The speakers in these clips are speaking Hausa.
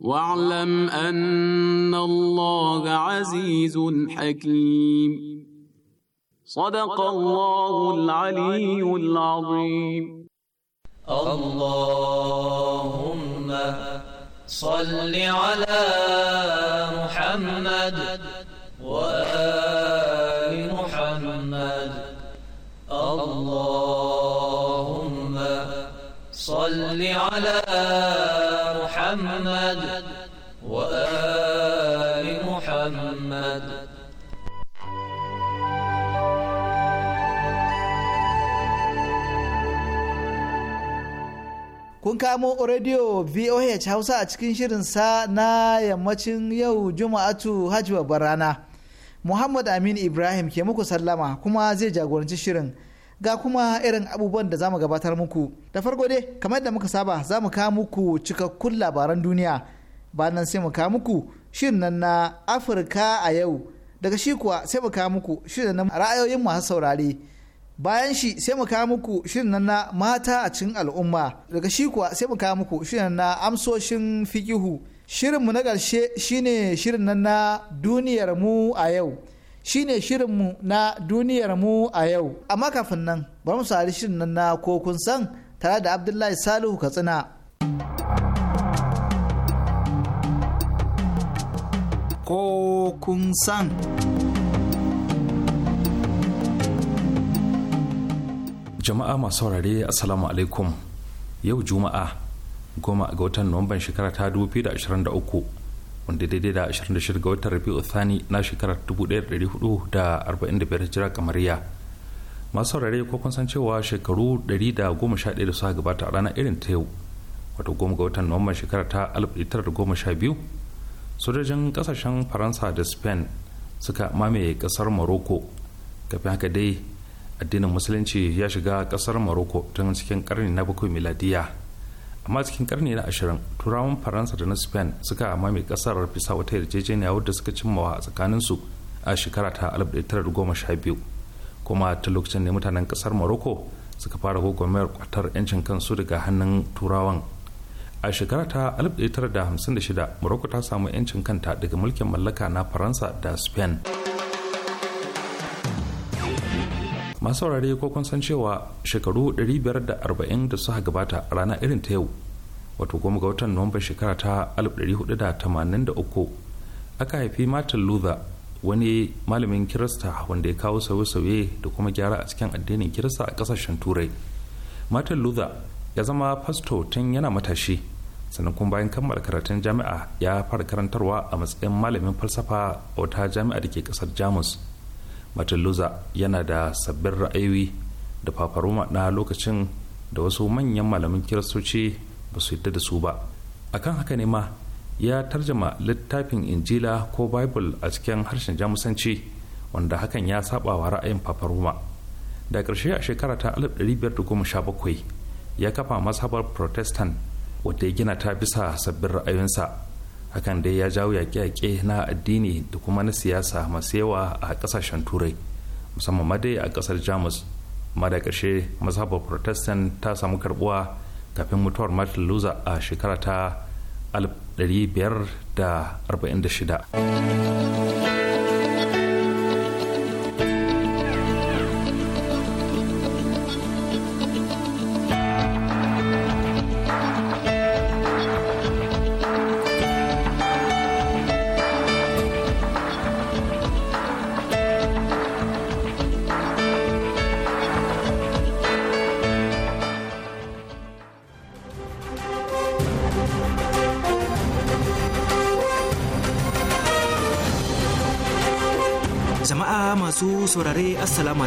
واعلم ان الله عزيز حكيم صدق الله العلي العظيم اللهم صل على محمد وآل محمد اللهم صل على محمد محمد وآل محمد Kun kamo radio VOH Hausa a cikin shirinsa na yammacin yau Juma'atu Hajji Babbar Rana. Muhammad Amin Ibrahim ke muku sallama kuma zai jagoranci shirin. ga kuma irin abubuwan da zamu gabatar muku da farko dai kamar da muka saba za mu kawo muku cikakkun labaran duniya bayan sai mu kawo muku shirin nan na afirka a yau daga shi kuwa sai mu kawo muku shirin nan ra'ayoyin masu saurare bayan shi sai mu kawo muku shirin nan na mata a cikin al'umma daga shi kuwa sai mu kawo muku shirin na amsoshin fikihu shirinmu na ƙarshe shine shirin nan na duniyar mu a yau shine mu na duniyar mu a yau amma kafin nan bari mu sari shirin nan na ko kun san tare da abdullahi salihu katsina ko kun san jama'a masu saurare assalamu alaikum yau juma'a goma ga watan nuwamban shekara ta 2023 wanda daidai da 26 ga watan rabi'u thani na shekarar 1445 jira kamariya masu saurare ko kun san cewa shekaru 111 da suka gabata a ranar irin ta yau wato goma ga watan nuwamban shekarar ta 1912 sojojin kasashen faransa da spain suka mamaye kasar morocco kafin haka dai addinin musulunci ya shiga kasar morocco tun cikin karni na bakwai miladiya amma cikin karni na ashirin turawan faransa da na spain suka mame kasar bisa wata yarjejeniya wadda suka cimmawa a tsakaninsu a shekara ta 1912 kuma ta lokacin ne mutanen kasar morocco suka fara gwagwarmayar kwatar 'yancin kansu daga hannun turawan a shekara ta 1956 morocco ta samu 'yancin kanta daga mulkin mallaka na faransa da spain masu saurare ko kun san cewa shekaru 540 da suka gabata a rana irin ta yau wato goma ga watan nuwamban shekara ta 1483 aka haifi martin luther wani malamin kirista wanda ya kawo sauye-sauye da kuma gyara a cikin addinin kirista a kasashen turai martin luther ya zama fasto tun yana matashi sannan kuma bayan kammala karatun jami'a ya fara karantarwa a matsayin malamin falsafa a wata jami'a da ke kasar jamus martin yana da sabbin ra'ayoyi da fafaroma na lokacin da wasu manyan malamin kiristoci ba su yadda da su ba akan haka ne ma ya tarjama littafin injila ko bible a cikin harshen jamusanci wanda hakan ya saba wa ra'ayin fafaroma da ƙarshe a shekara ta 1517 ya kafa mazhabar protestant wadda ya gina ta bisa sabbin ra'ayoyinsa hakan dai ya jawo yaƙe-yaƙe na addini da kuma na siyasa masu yawa a ƙasashen turai musamman ma dai a ƙasar jamus amma da ƙarshe mazhabar protestant ta samu karbuwa kafin mutuwar martin luther a shekara ta 1546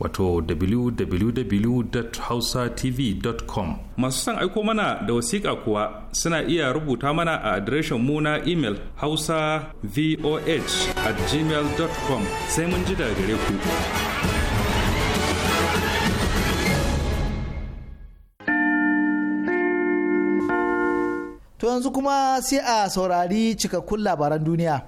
wato www.hausatv.com masu son aiko mana da wasiƙa kuwa suna iya rubuta mana a adireshin mu na imel hausa voh at gmail.com sai mun ji daga gare ku to yanzu kuma sai a saurari cikakkun labaran duniya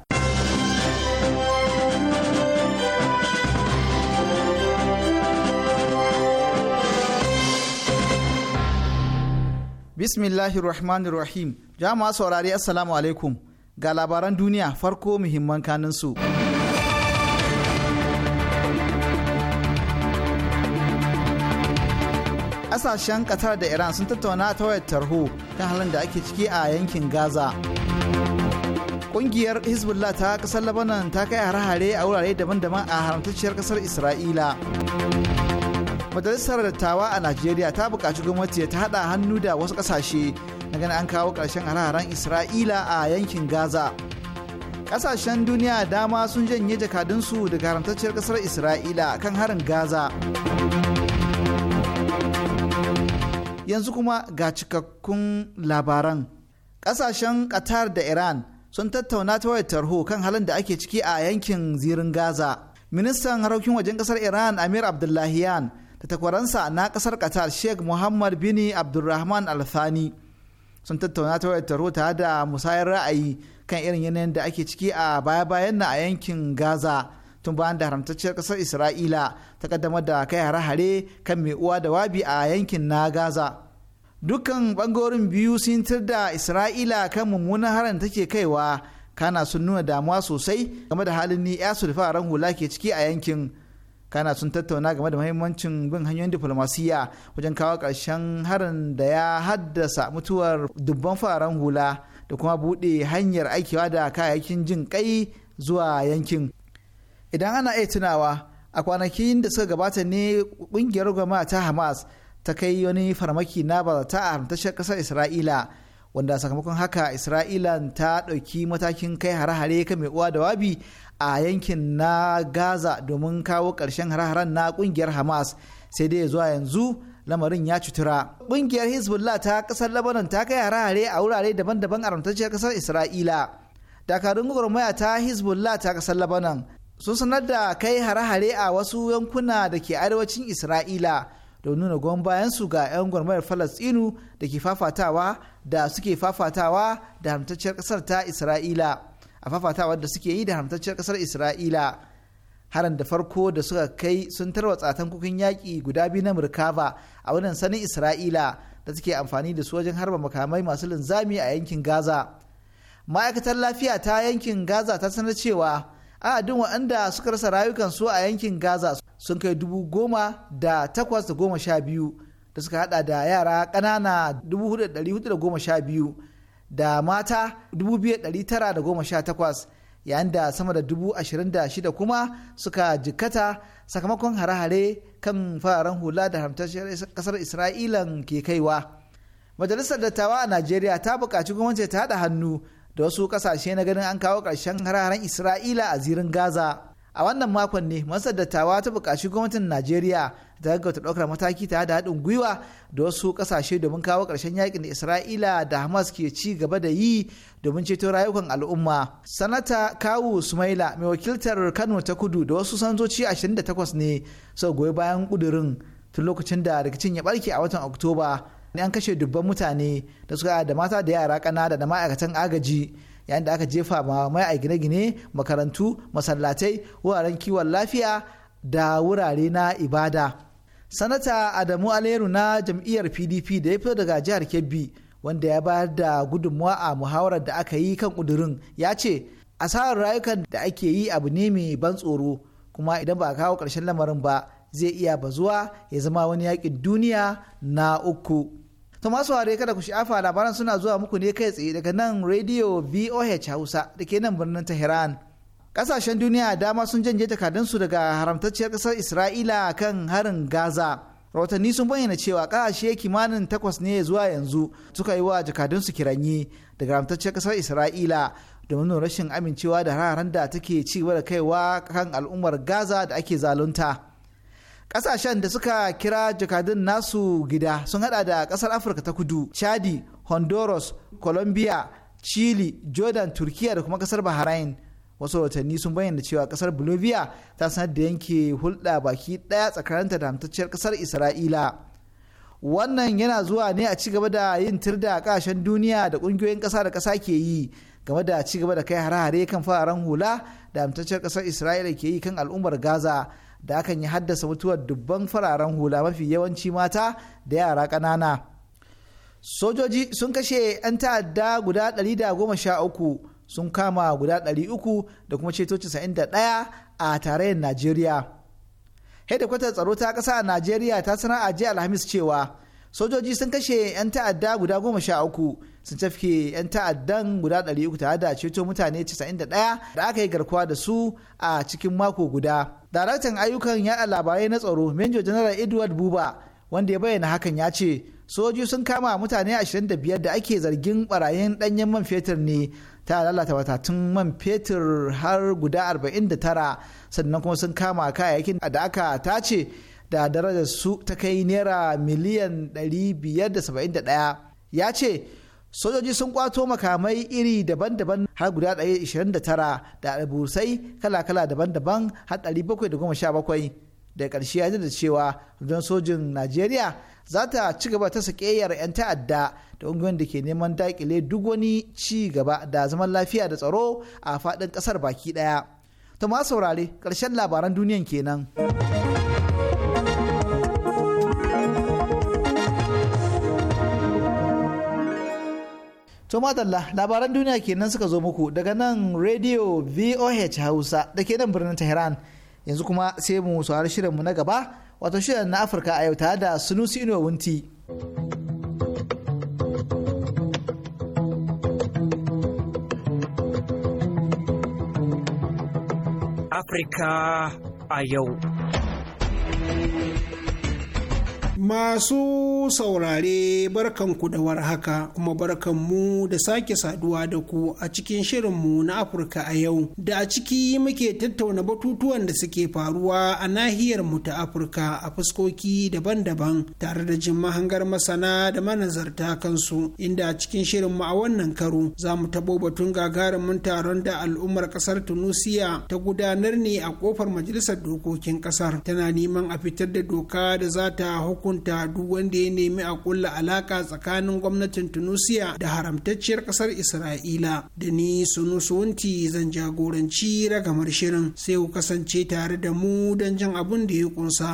bismillahir rahmanir rahim jama'a saurari assalamu alaikum ga labaran duniya farko muhimman kanin su qatar da iran sun tattauna ta wayar tarho kan halin da ake ciki a yankin gaza kungiyar hezbollah ta kasar labanan ta kai hare-hare a wurare daban-daban a haramtacciyar kasar isra'ila majalisar dattawa a najeriya ta buƙaci gwamnati ta haɗa hannu da wasu ƙasashe na ganin an kawo ƙarshen hare-haren isra'ila a yankin gaza ƙasashen duniya dama sun janye jakadunsu da haramtacciyar ƙasar isra'ila kan harin gaza yanzu kuma ga cikakkun labaran ƙasashen qatar da iran sun tattauna ta wayar tarho kan halin da ake ciki a yankin zirin gaza ministan harokin wajen ƙasar iran amir abdullahiyan da takwaransa na kasar qatar sheikh muhammad bini abdulrahman al-thani sun tattauna ta wayar taro tare da musayar ra'ayi kan irin yanayin da ake ciki a baya-bayan na a yankin gaza tun bayan da haramtacciyar kasar isra'ila ta kaddamar da kai hare-hare kan mai uwa da wabi a yankin na gaza dukkan bangarorin biyu sun da isra'ila kan mummunan harin take kaiwa kana sun nuna damuwa sosai game da halin ni ya sulfa ran hula ke ciki a yankin kana sun tattauna game da mahimmancin bin hanyoyin diflomasiyya wajen kawo ƙarshen harin da ya haddasa mutuwar dubban fararen hula da kuma buɗe hanyar aikewa da kayayyakin jin kai zuwa yankin idan ana iya tunawa a kwanakin da suka gabata ne ƙungiyar gwamnati ta hamas ta kai wani farmaki na bazata a tashar ƙasar isra'ila wanda sakamakon haka isra'ila ta ɗauki matakin kai hare-hare kan mai uwa da wabi a yankin na gaza domin kawo karshen har haren na ƙungiyar hamas sai dai zuwa yanzu lamarin ya cutura ƙungiyar hezbollah ta ƙasar lebanon ta kai hare a wurare daban-daban a ramtacciyar ƙasar isra'ila dakarun gwagwarmaya ta hezbollah ta ƙasar lebanon sun sanar da kai hare a wasu yankuna da ke arewacin isra'ila don nuna goyon su ga 'yan gwamnatin falastinu da ke fafatawa da suke fafatawa da haramtacciyar ƙasar ta isra'ila a fafatawa da suke yi da haramtacciyar kasar isra'ila haran da farko da suka kai sun tarwa tsatan kukin yaƙi guda biyu na murkava a wannan sanin isra'ila da suke amfani da su wajen harba makamai masu linzami a yankin gaza ma'aikatar lafiya ta yankin gaza ta sanar cewa adadin waɗanda suka rasa rayukansu a yankin gaza sun kai dubu goma da takwas da goma sha biyu da suka hada da yara ƙanana dubu hudu da goma sha biyu da mata 2,918 yayin da sama da 26,000 kuma suka jikkata sakamakon hare-hare kan fararen hula da haramtacciyar kasar isra'ilan ke kaiwa majalisar dattawa a najeriya ta buƙaci gwamnati ta haɗa hannu da wasu ƙasashe na ganin an kawo ƙarshen hare-haren isra'ila a zirin gaza a wannan makon ne masar dattawa ta bukaci gwamnatin najeriya ta gaggauta ɗaukar mataki ta da haɗin gwiwa da wasu kasashe domin kawo karshen yakin da isra'ila da hamas ke ci gaba da yi domin ceto rayukan al'umma sanata kawu sumaila mai wakiltar kano ta kudu da wasu sanzoci 28 ne sau goyi bayan kudurin tun lokacin da rikicin ya barke a watan oktoba an kashe dubban mutane da suka da mata da yara kana da ma'aikatan agaji yayin da aka jefa ma mai a gine-gine makarantu masallatai wuraren kiwon lafiya da wurare na ibada sanata adamu aleru na jam'iyyar pdp da ya fito daga jihar kebbi wanda ya bayar da gudunmuwa a muhawarar da aka yi kan ƙudurin ya ce asarar rayukan da ake yi abu ne mai ban tsoro kuma idan ba a kawo ƙarshen lamarin ba zai iya bazuwa ya zama wani yakin duniya na uku. To masu ware kada ku sha'afa labaran suna zuwa muku ne kai tsaye daga nan Radio VOH Hausa da ke nan birnin Tehran. Kasashen duniya dama sun janje takadunsu daga haramtacciyar kasar Isra'ila kan harin Gaza. Rahotanni sun bayyana cewa kasashe kimanin takwas ne zuwa yanzu suka yi wa jakadunsu kiranyi daga haramtacciyar kasar Isra'ila domin rashin amincewa da hararen da take ci da kaiwa kan al'ummar Gaza da ake zalunta. kasashen da suka kira jakadun nasu gida sun hada da kasar Afirka ta kudu, Chadi, Honduras, Colombia, Chile, Jordan, Turkiya da kuma kasar Bahrain. Wasu watanni sun bayyana cewa kasar Bolivia ta sanar da yanke hulɗa baki ɗaya tsakaninta da hamtacciyar kasar Isra'ila. Wannan yana zuwa ne a ci gaba da yin tirda da kashen duniya da ƙungiyoyin ƙasa da ƙasa ke yi game da ci gaba da kai hare-hare kan fararen hula da hamtacciyar ƙasar Isra'ila ke yi kan al'ummar Gaza. da akan yi haddasa mutuwar dubban fararen hula mafi yawanci mata da yara ƙanana sojoji sun kashe 'yan ta'adda guda 113 sun kama guda 300 da kuma ceto 91 a tarayyar najeriya hedikwatar tsaro ta ƙasa a najeriya ta sanar a jiya alhamis cewa sojoji sun kashe 'yan ta'adda guda 13 sun tafke 'yan ta'addan guda 300 tare da ceto mutane 91 da aka yi garkuwa da su a cikin mako guda. Daraktan ayyukan yada labarai na tsaro Major General Edward Buba wanda ya bayyana hakan ya ce soji sun kama mutane 25 da ake zargin barayin danyen man fetur ne ta lalata watatun man fetur har guda 49 sannan kuma sun kama kayayyakin da aka tace da darajar su ta kai naira miliyan 571 ya ce sojoji sun kwato makamai iri daban-daban har guda 129 da alburusai kala-kala daban-daban har 717 da ƙarshe ya da cewa don sojin najeriya za ta ci gaba ta sakeyar 'yan ta'adda da ungiyoyin da ke neman daƙile duk wani ci gaba da zaman lafiya da tsaro a faɗin ƙasar baki ɗaya. to ma saurare ƙarshen labaran duniyan kenan. To madalla labaran duniya kenan suka zo muku daga nan Radio VOH Hausa da ke nan birnin Tehran. Yanzu kuma sai mu saurari shirinmu na gaba wato shirin na Afirka a yau da Sunusi Inuwa Wunti. Afirka a yau. Masu saurare barkanku da warhaka kuma barkanmu da sake saduwa da ku a cikin shirinmu na Afirka a yau da a ciki muke tattauna batutuwan da suke faruwa a nahiyar mu ta Afirka a fuskoki daban-daban tare da jin mahangar masana da manazarta kansu inda a cikin shirinmu a wannan karo za mu tabo batun gagarumin taron da al'ummar kasar Tunusiya ta gudanar ne a kofar majalisar dokokin kasar tana neman a fitar da doka da za ta hukunta duk wanda ya nemi a kulla alaka tsakanin gwamnatin tunisia da haramtacciyar kasar isra'ila da ni sunusunti zan jagoranci ragamar shirin sai ku kasance tare da mu don jin abin da ya kunsa.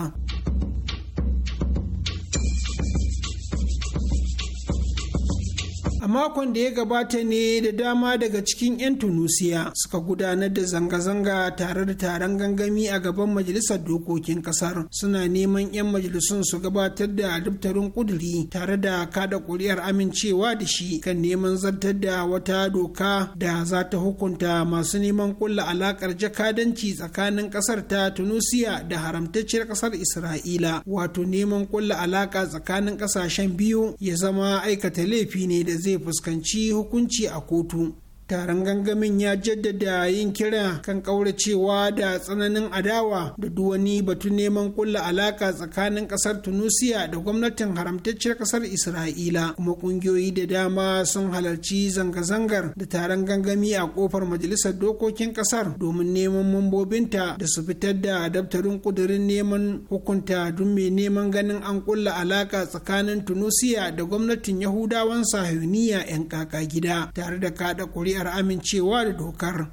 a makon da ya gabata ne da dama daga cikin 'yan tunusiya suka gudanar da zanga-zanga tare da taron gangami a gaban majalisar dokokin kasar suna neman 'yan majalisun su gabatar da daftarin kuduri tare da kada kuri'ar amincewa da shi kan neman zartar da wata doka da za ta hukunta masu neman kulla alakar jakadanci tsakanin kasar ta tunusiya da haramtacciyar kasar isra'ila wato neman kulla alaka tsakanin kasashen biyu ya zama aikata laifi ne da zai zai fuskanci hukunci a kotu taron gangamin ya jaddada yin kira kan kauracewa da tsananin adawa da duwani batu neman kulla alaka tsakanin ƙasar tunusiya da gwamnatin haramtacciyar ƙasar isra'ila kuma ƙungiyoyi da dama sun halarci zanga-zangar da taron gangami a kofar majalisar dokokin ƙasar domin neman mambobinta da su fitar da daftarin kudirin neman hukunta don mai neman ganin an kulla alaka tsakanin tunusiya da gwamnatin yahudawan sahauniya 'yan kaka gida tare da kada kuri'a ƙuri'ar amincewa da dokar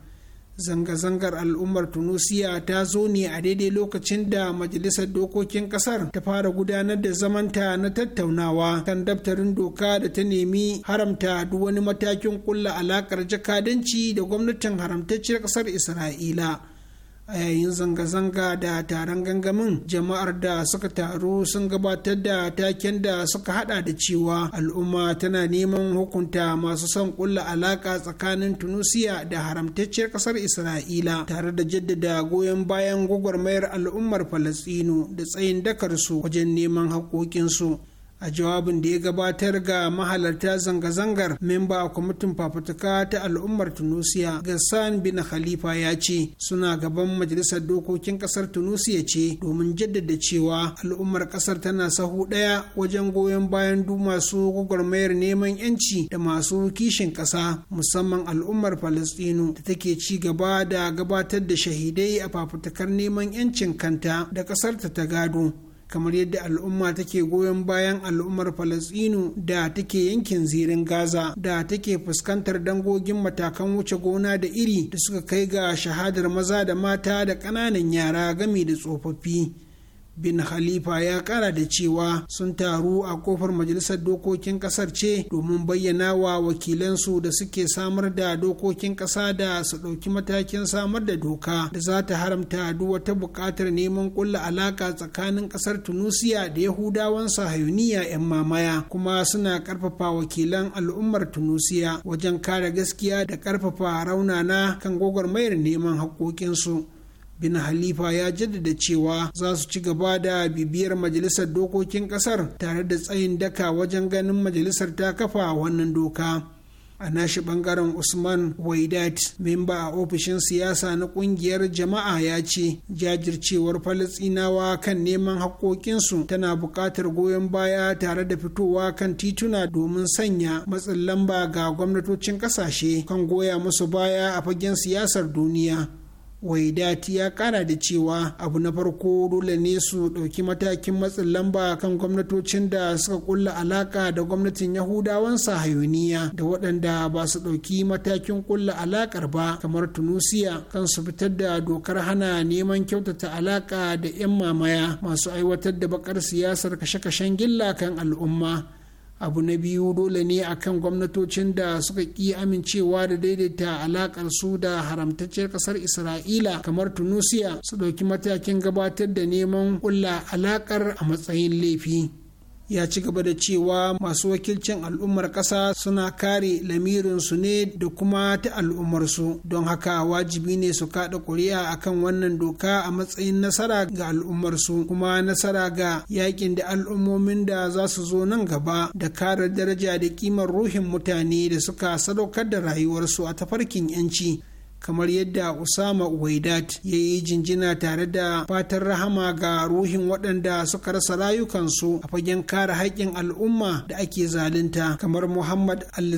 zanga-zangar al'ummar tunisia ta zo ne a daidai lokacin da majalisar dokokin kasar ta fara gudanar da zamanta na tattaunawa kan daftarin doka da ta nemi haramta duk wani matakin kulla alakar jakadanci da gwamnatin haramtacciyar kasar isra'ila a yayin zanga-zanga da taron gangamin jama'ar da suka taru sun gabatar da taken da suka hada da cewa al'umma tana neman hukunta masu son kulla alaka tsakanin tunusiya da haramtacciyar kasar isra'ila tare da jaddada goyon bayan gwagwarmayar al'ummar falastinu da tsayin dakarsu wajen neman haƙoƙinsu a jawabin da ya gabatar ga mahalarta zanga-zangar memba a kwamitin fafutuka ta al'ummar tunusiya gassan bin khalifa ya ce suna gaban majalisar dokokin kasar tunusiya ce domin jaddada cewa al'ummar kasar tana sahu ɗaya wajen goyon bayan du masu gwagwarmayar neman yanci da masu kishin ƙasa musamman al'ummar palestinu da take ci gaba da gabatar da shahidai a fafutukar neman yancin kanta da ƙasarta ta gado kamar yadda al'umma take goyon bayan al'ummar falasinu da take yankin zirin gaza da take fuskantar dangogin matakan wuce gona da iri da suka kai ga shahadar maza da mata da ƙananan yara gami da tsofaffi bin Khalifa ya kara da cewa sun taru a kofar majalisar dokokin kasar ce domin bayyana wa wakilansu da suke samar da dokokin kasa da su ɗauki matakin samar da doka da za ta haramta duk wata buƙatar neman ƙulla alaƙa tsakanin ƙasar Tunusiya da Yahudawan Sahayuniya 'yan mamaya kuma suna ƙarfafa wakilan al'ummar Tunusiya wajen kare gaskiya da ƙarfafa raunana kan gwagwarmayar neman haƙƙoƙinsu. bin halifa ya jaddada cewa za su ci gaba da bibiyar majalisar dokokin kasar tare da tsayin daka wajen ganin majalisar ta kafa wannan doka a nashi bangaren usman waidat memba a ofishin siyasa na kungiyar jama'a ya ce jajircewar falasinawa kan neman haƙoƙinsu tana buƙatar goyon baya tare da fitowa kan tituna domin sanya matsin lamba ga gwamnatocin ƙasashe kan goya musu baya a fagen siyasar duniya waidati ya kara da cewa abu na farko dole ne su ɗauki matakin matsin lamba kan gwamnatocin da suka kulla alaka da gwamnatin yahudawan sahayoniya da waɗanda ba su ɗauki matakin kulla alakar ba kamar tunusiya kan su fitar da dokar hana neman kyautata alaka da 'yan mamaya masu aiwatar da bakar siyasar kashe-kashen gilla kan al'umma abu na biyu dole ne akan gwamnatocin da suka ƙi amincewa da daidaita alakar su da haramtacciyar ƙasar isra'ila kamar tunusiya su ɗauki matakin gabatar da neman ƙulla alaƙar a matsayin laifi ya ci gaba da cewa masu wakilcin al'ummar ƙasa suna kare lamirinsu ne da kuma ta al'ummarsu don haka wajibi ne su kaɗa ƙuri'a akan wannan doka a matsayin nasara ga al'ummarsu kuma nasara ga yakin da al'ummomin da za su zo nan gaba da kare daraja da kimar ruhin mutane da suka sadaukar da rayuwarsu a tafarkin 'yanci kamar yadda Usama Uwaidat ya yi jinjina tare da fatan rahama ga ruhin waɗanda suka rasa rayukansu a fagen kare haƙƙin al'umma da ake zalunta kamar Muhammad al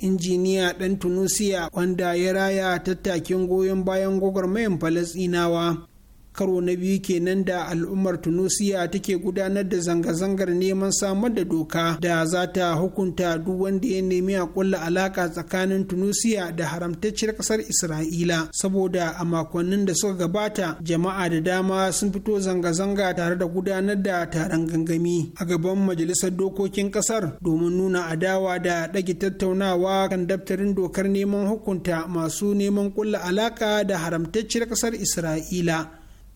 injiniya ɗan Tunusiya wanda ya raya tattakin goyon bayan gwagwarmayan Falasɗinawa karo na biyu kenan da al'ummar tunisia take gudanar da zanga-zangar neman samar da doka da za ta hukunta duk wanda ya nemi a kulla alaka tsakanin tunisia da haramtacciyar kasar isra'ila saboda a makonnin da suka gabata jama'a da dama sun fito zanga-zanga tare da gudanar da taron gangami a gaban majalisar dokokin kasar domin nuna adawa da ɗage tattaunawa kan daftarin dokar neman hukunta masu neman kulla alaka da haramtacciyar kasar isra'ila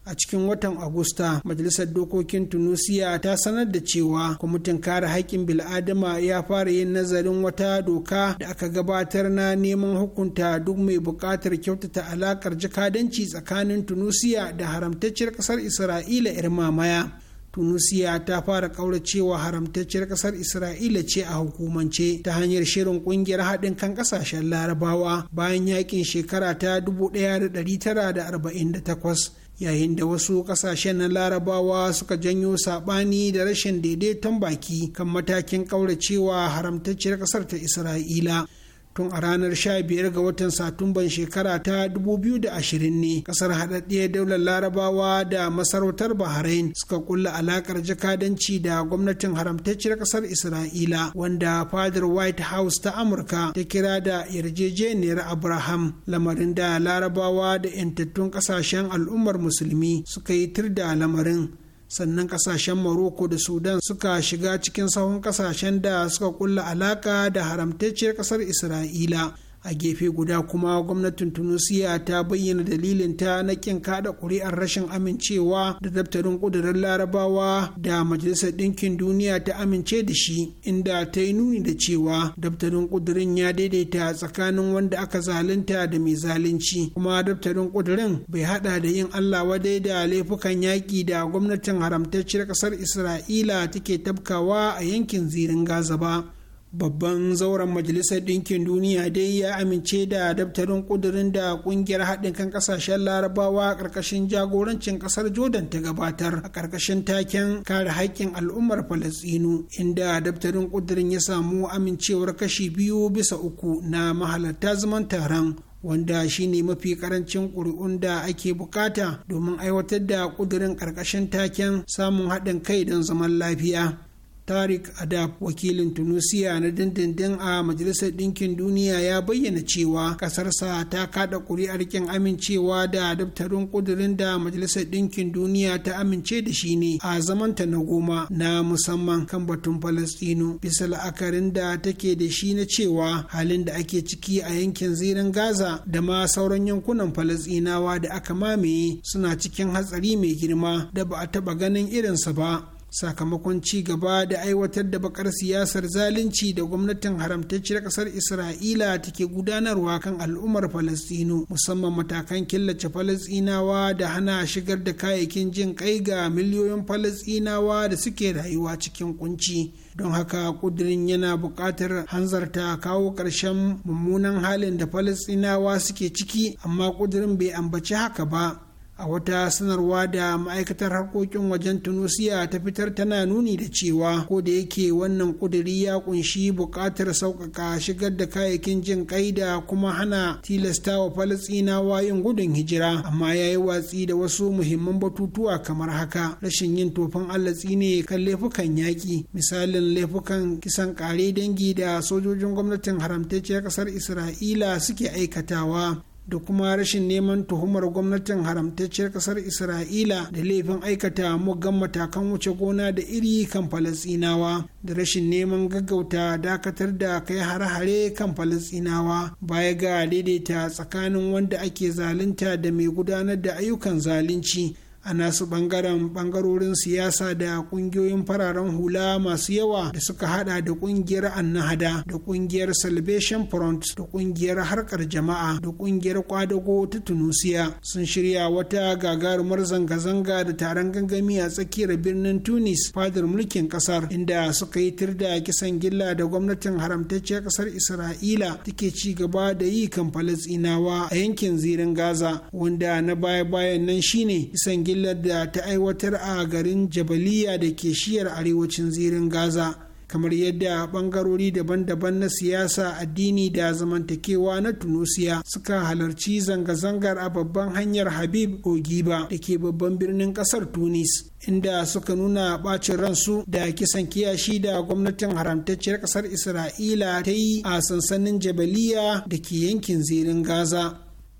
a cikin watan agusta majalisar dokokin tunisia ta sanar da cewa kwamitin kare haƙƙin bil'adama ya fara yin nazarin wata doka da aka gabatar na neman hukunta duk mai buƙatar kyautata alaƙar jakadanci tsakanin tunisia da haramtacciyar ƙasar isra'ila irmamaya tunisia ta fara kauracewa haramtacciyar ƙasar isra'ila ce a hukumance ta hanyar shirin ƙungiyar haɗin kan ƙasashen larabawa bayan yakin shekara ta 1948 yayin da wasu kasashen na larabawa suka janyo saɓani da rashin daidaiton baki kan matakin ƙauracewa haramtacciyar ƙasar ta isra'ila tun a ranar 15 ga watan satumban shekara ta 2020 ne kasar haɗaɗɗiyar daular larabawa da masarautar bahrain suka kulla alakar jakadanci da gwamnatin haramtacciyar kasar isra'ila wanda fadar white house ta amurka ta kira da yarjejeniyar abraham lamarin da larabawa da 'yantattun ƙasashen al'ummar musulmi suka yi tirda da lamarin sannan kasashen Morocco da Sudan suka shiga cikin sahun kasashen da suka kulla alaka da haramtacciyar kasar Isra'ila. a gefe guda kuma gwamnatin Tunisiya ta bayyana dalilinta na kin kada kuri'ar rashin amincewa da daftarin kudurin larabawa da majalisar ɗinkin duniya ta amince da shi inda ta yi nuni da cewa daftarin kudurin ya daidaita tsakanin wanda aka zalunta da mai zalunci kuma daftarin kudurin bai hada da yin allah wadai da laifukan yaƙi da gwamnatin haramtacciyar ƙasar isra'ila take tabkawa a yankin zirin gaza ba babban zauren majalisar ɗinkin duniya dai ya amince da daftarin ƙudurin da ƙungiyar haɗin kan ƙasashen larabawa a ƙarƙashin jagorancin ƙasar jordan ta gabatar a ƙarƙashin taken kare haƙƙin al'ummar falastinu inda daftarin ƙudurin ya samu amincewar kashi biyu bisa uku na mahalarta zaman taron wanda shine mafi karancin ƙuri'un da ake bukata domin aiwatar da ƙudurin ƙarƙashin taken samun haɗin kai don zaman lafiya tarik adab wakilin tunisia na dindindin a majalisar ɗinkin duniya ya bayyana cewa ƙasarsa ta kada ƙuri'ar kin amincewa da daftarin ƙudurin da majalisar ɗinkin duniya ta amince da shi ne a zamanta na goma na musamman kan batun falastino bisa la'akarin da take da shi na cewa halin da ake ciki a yankin zirin gaza da ma sauran yankunan falastinawa da aka mamaye suna cikin hatsari mai girma da ba a taɓa ganin irinsa ba sakamakon ci gaba da aiwatar da bakar siyasar zalunci da gwamnatin haramtacciyar ƙasar isra'ila take gudanarwa kan al'ummar falastinu musamman matakan killace falastinawa da hana shigar da kayayyakin jin kai ga miliyoyin falastinawa da suke rayuwa cikin kunci don haka kudirin yana buƙatar hanzarta kawo ƙarshen mummunan halin da falastinawa suke ciki amma kudirin bai ambaci haka ba a wata sanarwa da ma'aikatar harkokin wajen tunisia ta fitar tana nuni da cewa ko da yake wannan kuduri ya kunshi buƙatar sauƙaƙa shigar da kayayyakin jin kai da kuma hana tilasta wa falastinawa yin gudun hijira amma ya yi watsi da wasu muhimman batutuwa kamar haka rashin yin tofin allatsi ne kan laifukan yaƙi misalin laifukan kisan ƙare dangi da sojojin gwamnatin haramtacciyar ƙasar isra'ila suke aikatawa da kuma rashin neman tuhumar gwamnatin haramtacciyar kasar isra'ila da laifin aikata muggan matakan wuce gona da iri kan falasinawa da rashin neman gaggauta dakatar da kai hare-hare kan falasinawa baya ga daidaita tsakanin wanda ake zalunta da mai gudanar da ayyukan zalunci a nasu bangaren bangarorin siyasa da kungiyoyin fararen hula masu yawa da suka hada da kungiyar annahada da kungiyar salvation front da kungiyar harkar jama'a da kungiyar kwadago ta tunusiya sun shirya wata gagarumar zanga-zanga da taron gangami a tsakiyar birnin tunis fadar mulkin kasar inda suka yi tirda kisan gilla da gwamnatin haramtacciyar kasar isra'ila take ci gaba da yi kan falastinawa a yankin zirin gaza wanda na baya-bayan nan shine kisan gilla illar da ta aiwatar a garin jabaliya da ke shiyar arewacin zirin gaza kamar yadda bangarori daban-daban na siyasa addini da zamantakewa na tunusiya suka halarci zanga-zangar a babban hanyar habib ogiba da ke babban birnin kasar tunis inda suka nuna bacin ransu da kisan kiyashi da gwamnatin haramtacciyar kasar isra'ila ta yi a sansanin jabaliya da ke yankin zirin gaza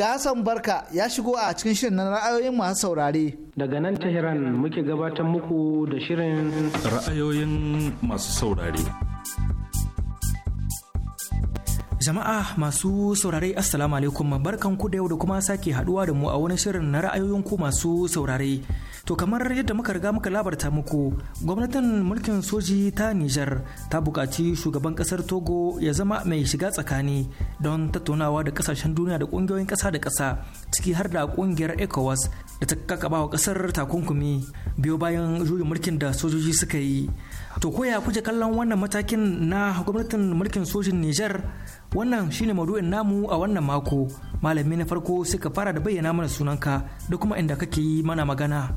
ga Hassan Barka ya shigo a cikin shirin na ra'ayoyin masu saurare. Daga nan Tehran muke gabatar muku da shirin ra'ayoyin masu saurare. Jama'a masu saurare Assalamu alaikum barkan da yau da kuma sake haduwa da mu a wani shirin na ra'ayoyin ku masu saurare. To kamar yadda muka riga muka labarta muku gwamnatin mulkin soji ta Nijar ta bukaci shugaban kasar Togo ya zama mai shiga tsakani don tattaunawa da kasashen duniya da ƙungiyoyin ƙasa da ƙasa ciki har da ƙungiyar ECOWAS da ta kakaba wa ƙasar takunkumi biyo bayan juyin mulkin da sojoji suka yi. To koya kuje kallon wannan matakin na gwamnatin mulkin sojin Nijar wannan shine maudu'in namu a wannan mako malami na farko suka fara da bayyana mana sunanka da kuma inda kake yi mana magana.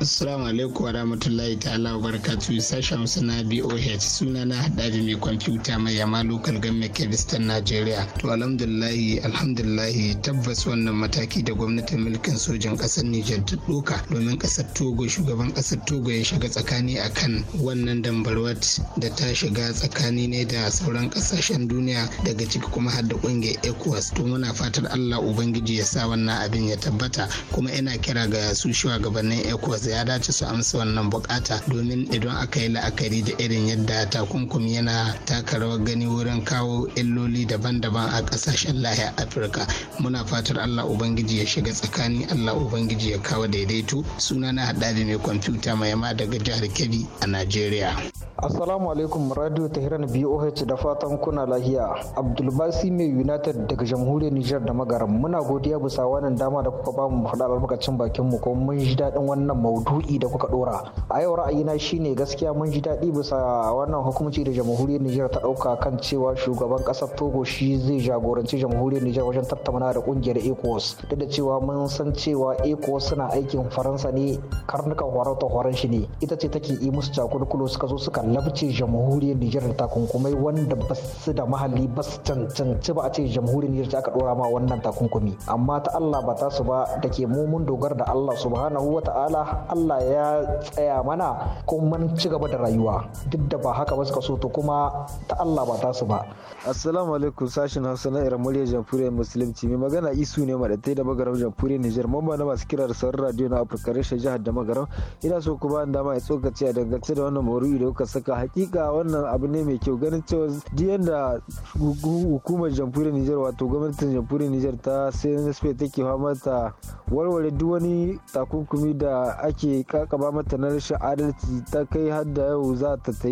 Assalamu alaikum wa rahmatullahi ta'ala wa barakatu sashen suna BOH suna na hadari mai kwamfuta mai yama lokal gamme Kebistan Najeriya. To alhamdulillahi alhamdulillahi tabbas wannan mataki da gwamnatin mulkin sojan ƙasar Nijar ta doka domin kasar Togo shugaban kasar Togo ya shiga tsakani akan wannan dambarwat da ta shiga tsakani ne da sauran kasashen duniya daga ciki kuma har da ƙungiyar ECOWAS to muna fatar Allah Ubangiji ya sa wannan abin ya tabbata kuma ina kira ga su shugabannin ECOWAS su ya dace su amsa wannan bukata domin idan aka yi la'akari da irin yadda takunkum yana taka rawar gani wurin kawo illoli daban-daban a kasashen lahiyar afirka muna fatar allah ubangiji ya shiga tsakani allah ubangiji ya kawo daidaito suna na haɗari mai kwamfuta mai yama daga jihar kebbi a najeriya assalamu alaikum radio tahiran boh da fatan kuna lahiya abdulbasi mai united daga jamhuriyar niger da magaram muna godiya bisa wannan dama da kuka bamu faɗa albarkacin bakin mu kuma mun ji daɗin wannan maudu'i da kuka dora a yau ra'ayina shine gaskiya mun ji daɗi bisa wannan hukumci da jamhuriyar Nijar ta ɗauka kan cewa shugaban ƙasar Togo shi zai jagoranci jamhuriyar Nijar wajen tattauna da ƙungiyar ECOWAS duk da cewa mun san cewa ECOWAS suna aikin Faransa ne karnukan horauta horon shi ne ita ce take yi musu cakulkulo suka zo suka labce jamhuriyar Nijar da takunkumai wanda ba su da mahalli ba su cancanci ba a ce jamhuriyar Nijar ta aka dora ma wannan takunkumi amma ta Allah ba ta su ba da ke mumun dogara da Allah subhanahu wa ta'ala Allah ya tsaya mana kuma mun ci gaba da rayuwa duk da ba haka ba suka so to kuma ta Allah ba ta su ba assalamu alaikum sashin Hausa na Iran muryar jamhuriyar musulunci mai magana isu ne ma da magaram jamhuriyar Nijar mamba na masu kirar sauran radio na Afirka rasha jihar da magaram ina so ku ba dama ya tsokaci a dangance da wannan maudu'i da kuka saka hakika wannan abu ne mai kyau ganin cewa duk yanda hukumar jamhuriyar Nijar wato gwamnatin jamhuriyar Nijar ta CNSP take fama ta warware duk wani takunkumi da ake kakaba mata na rashin adalci ta kai har da yau za ta ta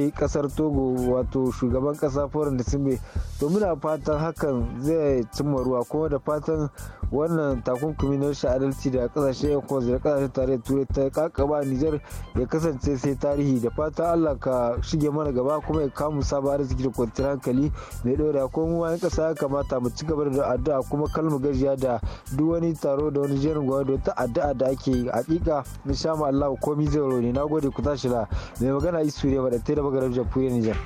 yi kasar togo wato shugaban kasa foran da sun to muna fatan hakan zai cimma ruwa kuma da fatan wannan takunkumi na rashin adalci da kasashe ecowas da kasashe tarayyar turai ta kakaba nijar ya kasance sai tarihi da fatan allah ka shige mana gaba kuma ya kamu sabon arziki da kwanciyar hankali mai ɗora ko mu wani kasa ya kamata mu ci gaba da addu'a kuma kalmu gajiya da duk wani taro da wani jerin gwado ta addu'a da ake a hakika insha Allah komi zai rone nagode ku tashi la mai magana isu ne ba da tare magana magarar ne Nijar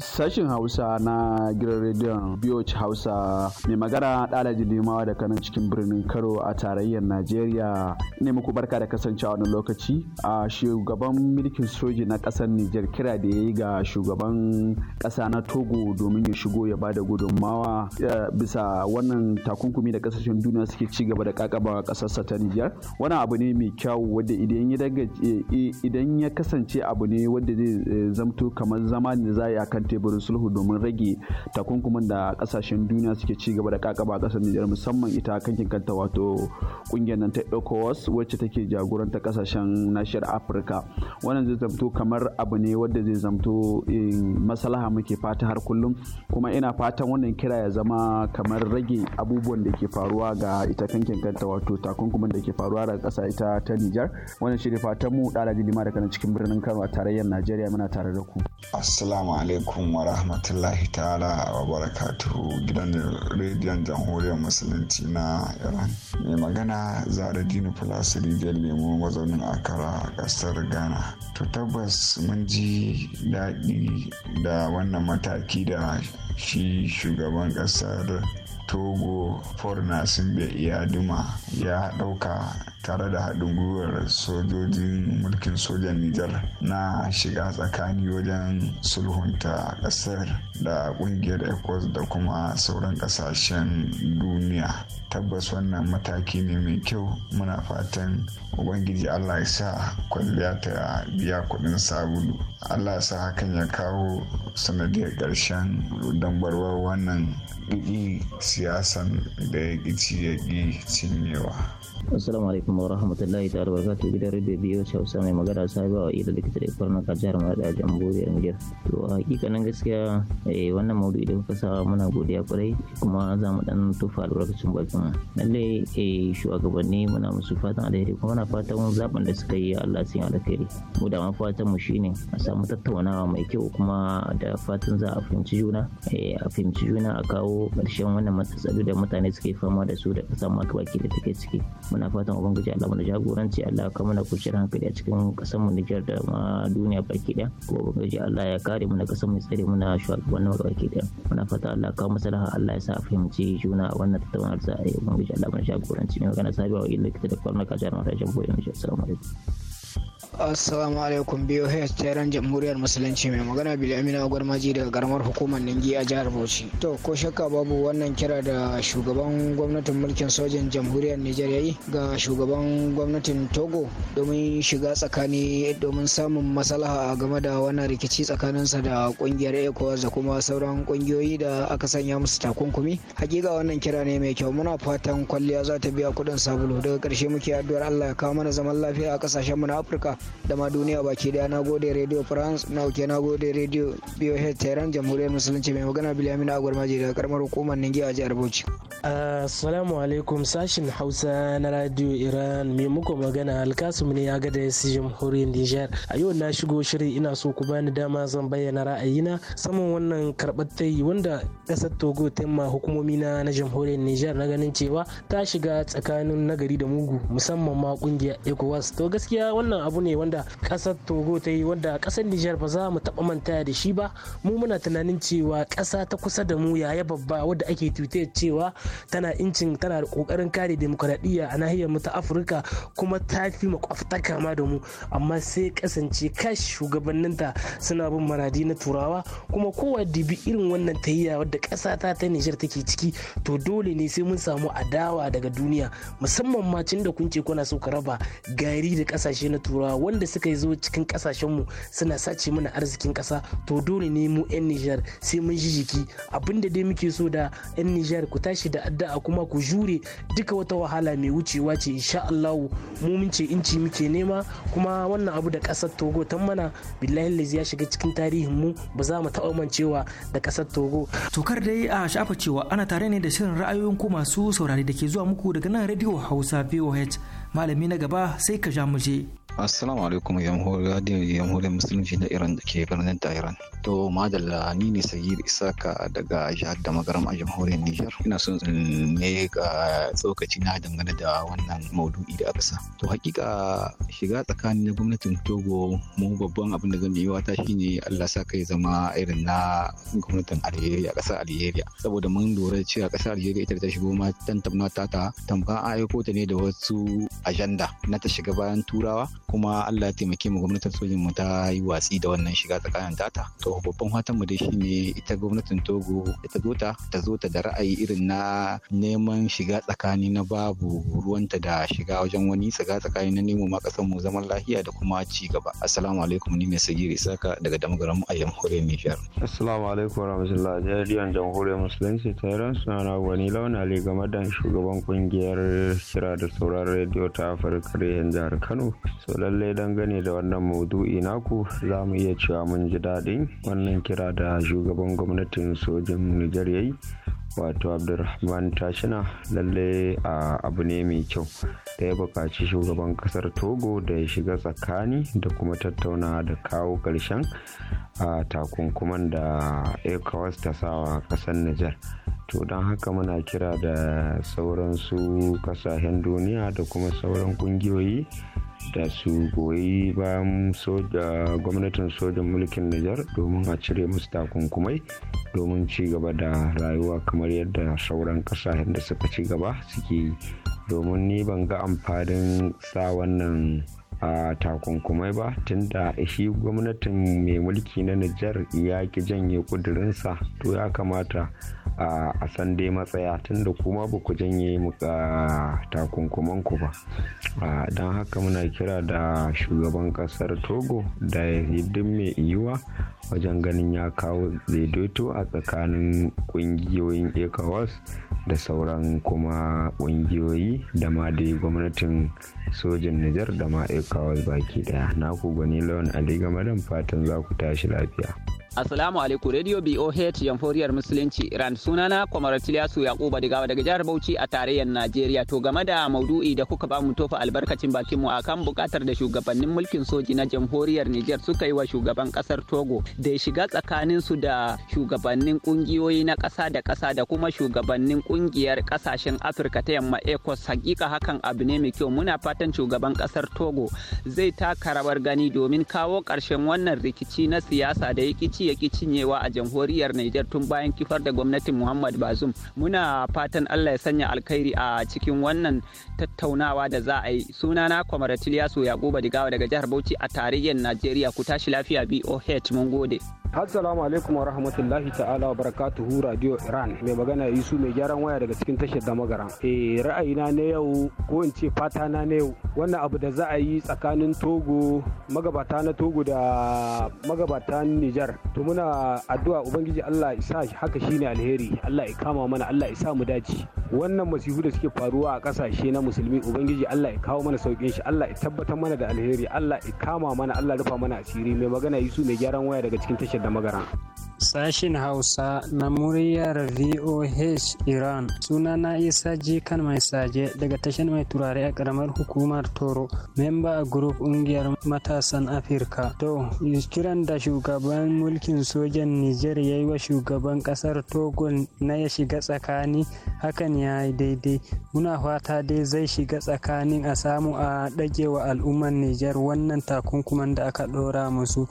Sashen Hausa na gidan rediyon BOH Hausa mai magana ɗalaji limawa da kanan cikin birnin karo a tarayyar Najeriya. Ne muku barka da kasancewa wani lokaci a shugaban mulkin soji na ƙasar Nijar kira da ya yi ga shugaban ƙasa na Togo domin ya shigo ya ba da gudunmawa bisa wannan takunkumi da ƙasashen duniya suke ci gaba da kakaba kasarsa ta Nijar. Wani abu ne mai kyau wanda idan ya eh, kasance abu ne wanda zai eh, zamto kamar zama ne za kan teburin sulhu domin rage takunkumin da kasashen duniya suke ci gaba da kakaba kasar Nijar musamman ita kankin kanta wato kungiyar nan ta ECOWAS wacce take jagoranta kasashen nashiyar Afirka wannan zai zamto kamar abu ne wanda zai zamto eh, maslaha muke fata har kullum kuma ina fatan wannan kira ya zama kamar rage abubuwan da ke faruwa ga ita kankin kanta wato takunkumin da ke faruwa da kasa ita ta Nijar wannan shi ne fatan mu da lima daga cikin birnin Kano a tarayyar Najeriya muna tare da ku assalamu alaikum alaikum wa rahmatullahi ta'ala wa barakatuhu gidan rediyon jamhuriyar musulunci na iran mai magana zara dini fulasiri da lemo mazaunin akara kasar ghana to tabbas mun ji daɗi da wannan mataki da shi shugaban kasar togo forna sun iya duma ya ɗauka tare da haɗin gwiwar sojojin mulkin sojan Nijar na shiga tsakani wajen sulhunta ƙasar da ƙungiyar ECOWAS da kuma sauran ƙasashen duniya. Tabbas wannan mataki ne mai kyau muna fatan Ubangiji Allah ya sa kwalliya ta biya kuɗin sabulu. Allah ya sa hakan ya kawo sanadiyar ƙarshen dambarwar wannan ɗiɗi siyasan da ya ya ƙi cinyewa. assalamu alaikum wa rahmatullahi ta'ala wa barakatuh gidan radio biyu wacce hausa mai magana sahiba wa ila likita da farna ka jihar mara jamhuriyar niger to hakikanin gaskiya eh, wannan maudu'i da kuka sa muna godiya kwarai kuma za mu dan tufa albarkacin bakin mu lalle eh, shugabanni muna musu fatan alheri kuma muna fatan zaben da suka yi Allah sun alheri mu da ma fatan mu shine a samu tattaunawa mai kyau kuma da fatan za a fahimci juna eh, a fahimci juna a kawo ƙarshen wannan matsatsalu da mutane suke fama da su da ƙasa ma baki da take ciki muna fatan ubangiji Allah mana jagoranci Allah ka mana kuciyar hankali a cikin kasar mu Niger da ma duniya baki daya ko ubangiji Allah ya kare mu na kasar mu tsare mu na shugabannin mu baki daya muna fatan Allah ka mu salaha Allah ya sa fahimci juna a wannan tattaunar za a yi ubangiji Allah mana jagoranci mai magana sabiwa wa ilmi kita da kwarna kajar mata jamhuriyar Niger assalamu alaikum Assalamu alaikum hayar taron jamhuriyar musulunci mai magana Bili Amina Gwarmaji daga karamar hukumar Ningi a jihar Bauchi. To ko shakka babu wannan kira da shugaban gwamnatin mulkin sojan jamhuriyar Nijar yayi ga shugaban gwamnatin Togo domin shiga tsakani domin samun maslaha game da wannan rikici tsakaninsa da kungiyar ECOWAS da kuma sauran kungiyoyi da aka sanya musu takunkumi. Hakika wannan kira ne mai kyau muna fatan kwalliya za ta biya kuɗin sabulu daga ƙarshe muke addu'ar Allah ya kawo mana zaman lafiya a mu na Afirka. da ma duniya baki daya na gode radio france na uke na gode radio boh tehran jamhuriyar musulunci mai magana bilamin agwar maji daga karamar hukumar ningi a jihar bauchi assalamu alaikum sashin hausa na radio iran mai muku magana alkasu ne ya gada yasi jamhuriyar nijar a yau na shigo shirin ina so ku bani dama zan bayyana ra'ayina saman wannan karɓar wanda ƙasar togo ta hukumomi na na jamhuriyar nijar na ganin cewa ta shiga tsakanin nagari da mugu musamman ma ƙungiyar ecowas to gaskiya wannan abu ne wanda kasar togo ta yi wanda kasar nijar ba za mu taba manta da shi ba mu muna tunanin cewa kasa ta kusa da mu yaya babba wadda ake tutayar cewa tana incin tana da kokarin kare demokradiyya a nahiyar mu ta afirka kuma ta fi makwafta kama da mu amma sai kasance kash shugabanninta suna bin maradi na turawa kuma kowa dibi irin wannan tayya wadda kasa ta ta nijar take ciki to dole ne sai mun samu adawa daga duniya musamman ma cin da kun ce kuna so ka raba gari da kasashe na turawa wanda suka yi zo cikin kasashenmu suna sace mana arzikin kasa to dole ne mu 'yan nijar sai mun ji jiki abinda dai muke so da 'yan nijar ku tashi da addu'a kuma ku jure duka wata wahala mai wucewa ce insha Allah mu mun ce inci muke nema kuma wannan abu da kasar Togo tan mana billahi ya shiga cikin tarihin mu ba za mu taɓa mancewa da kasar Togo kar dai a shafa cewa ana tare ne da shirin ra'ayoyin ku masu saurari da ke zuwa muku daga nan Radio Hausa VOH malami na gaba sai ka ja muje. Assalamu alaikum jamhuriyar radiyon jamhuriyar musulunci na Iran da ke birnin Tehran. To madalla ni ne Sayyid Isaka daga jihar da magaram a jamhuriyar Nijar. Ina son ne ga tsokaci na dangane da wannan maudu'i da aka sa. To hakika shiga tsakanin gwamnatin Togo mu babban abin da zan yi wata shine Allah sa kai zama irin na gwamnatin Algeria ƙasar Algeria. Saboda mun lura cewa ƙasar Algeria ita ta shigo ma tantamna ta ta aiko ta ne da wasu ajanda na ta shiga bayan Turawa kuma Allah ya taimake mu gwamnatin sojin mu ta yi watsi da wannan shiga tsakanin tata to babban fatan mu shi ne ita gwamnatin Togo ita zo ta ta zo ta da ra'ayi irin na neman shiga tsakani na babu ruwanta da shiga wajen wani shiga tsakani na nemo ma kasan mu zaman lafiya da kuma ci gaba assalamu alaikum ni ne Sagiri Saka daga mu a Jamhuriyar Nijar assalamu alaikum warahmatullahi jariyan Jamhuriyar Musulunci ta Iran suna na Gwani Launa Ali game da shugaban kungiyar kira da sauran rediyo ta Afirka Rehin Jihar Kano To lallai dangane da wannan maudu'i naku za mu iya cewa mun ji daɗin wannan kira da shugaban gwamnatin sojin Nijar yayi wato Abdulrahman Tashina lallai a abu ne mai kyau da ya buƙaci shugaban ƙasar Togo da ya shiga tsakani da kuma tattauna da kawo ƙarshen a takunkuman da ECOWAS ta sawa ƙasar Nijar. to don haka muna kira da sauransu ƙasashen duniya da kuma sauran ƙungiyoyi. da su goyi bayan gwamnatin sojan mulkin Nijar domin a cire musu takunkumai domin cigaba da rayuwa kamar yadda sauran ƙasashen da suka ci gaba suke yi domin ni ban ga amfanin sa wannan a takunkumai ba tunda shi gwamnatin mai mulki na Nijar ya ki janye kudurinsa to ya kamata a san dai matsaya tunda kuma ba ku janye takunkuman ku ba don haka muna kira da shugaban kasar togo da duk mai yiwa wajen ganin ya kawo daidaito a tsakanin kungiyoyin ecowas da sauran kuma kungiyoyi da ma dai gwamnatin sojin nijar da ma ecowas kawai baki daya na ku gwani lawan ali game madan fatan za ku tashi lafiya Assalamu alaikum Radio BOH Jamhuriyar Musulunci Iran sunana Kwamar Tiliyasu Yakuba Digawa daga jihar Bauchi a tarayyar Najeriya to game da maudu'i da kuka ba mu tofa albarkacin bakin mu akan bukatar da shugabannin mulkin soji na Jamhuriyar Niger suka yi wa shugaban kasar Togo da ya shiga tsakanin su da shugabannin kungiyoyi na kasa da kasa da kuma shugabannin kungiyar kasashen Afirka ta Yamma ECOWAS hakika hakan abu ne mai kyau muna fatan shugaban kasar Togo zai taka rawar gani domin kawo ƙarshen wannan rikici na siyasa da rikici. ya ki cinyewa a jamhuriyar Nijar tun bayan kifar da gwamnatin Muhammad Bazum. Muna fatan Allah ya sanya alkhairi a cikin wannan tattaunawa da za a yi. Sunana Kwamaratil Yasu Yakuba Digawa daga jihar Bauchi a tarayyar Najeriya ku tashi lafiya BOH mun gode. assalamu alaikum wa rahmatullahi ta'ala wa barakatuhu radio iran mai magana Yusuf mai gyaran waya daga cikin tashar damagara eh ra'ayina na yau ko in ce fata na ne yau wannan abu da za a yi tsakanin togo magabata na togo da magabatan nijar to muna addu'a ubangiji allah isa haka shine alheri allah ya kama mana allah ya sa mu dace wannan masifu da suke faruwa a kasashe na musulmi ubangiji allah ya kawo mana saukin shi allah ya tabbatar mana da alheri allah ya kama mana allah rufa mana asiri mai magana Yusuf mai gyaran waya daga cikin tashar da magana. Sashin Hausa na muryar VOH Iran sunana Isa Jikan mai saje daga tashar mai turare a karamar hukumar Toro, memba a grup ungiyar matasan Afirka. To, kiran da shugaban mulkin sojan Nijar ya yi wa shugaban kasar Togo na ya shiga tsakani hakan ya yi daidai. Muna fata dai zai shiga tsakanin a samu a dagewa wa al'ummar Nijar wannan takunkuman da aka ɗora musu.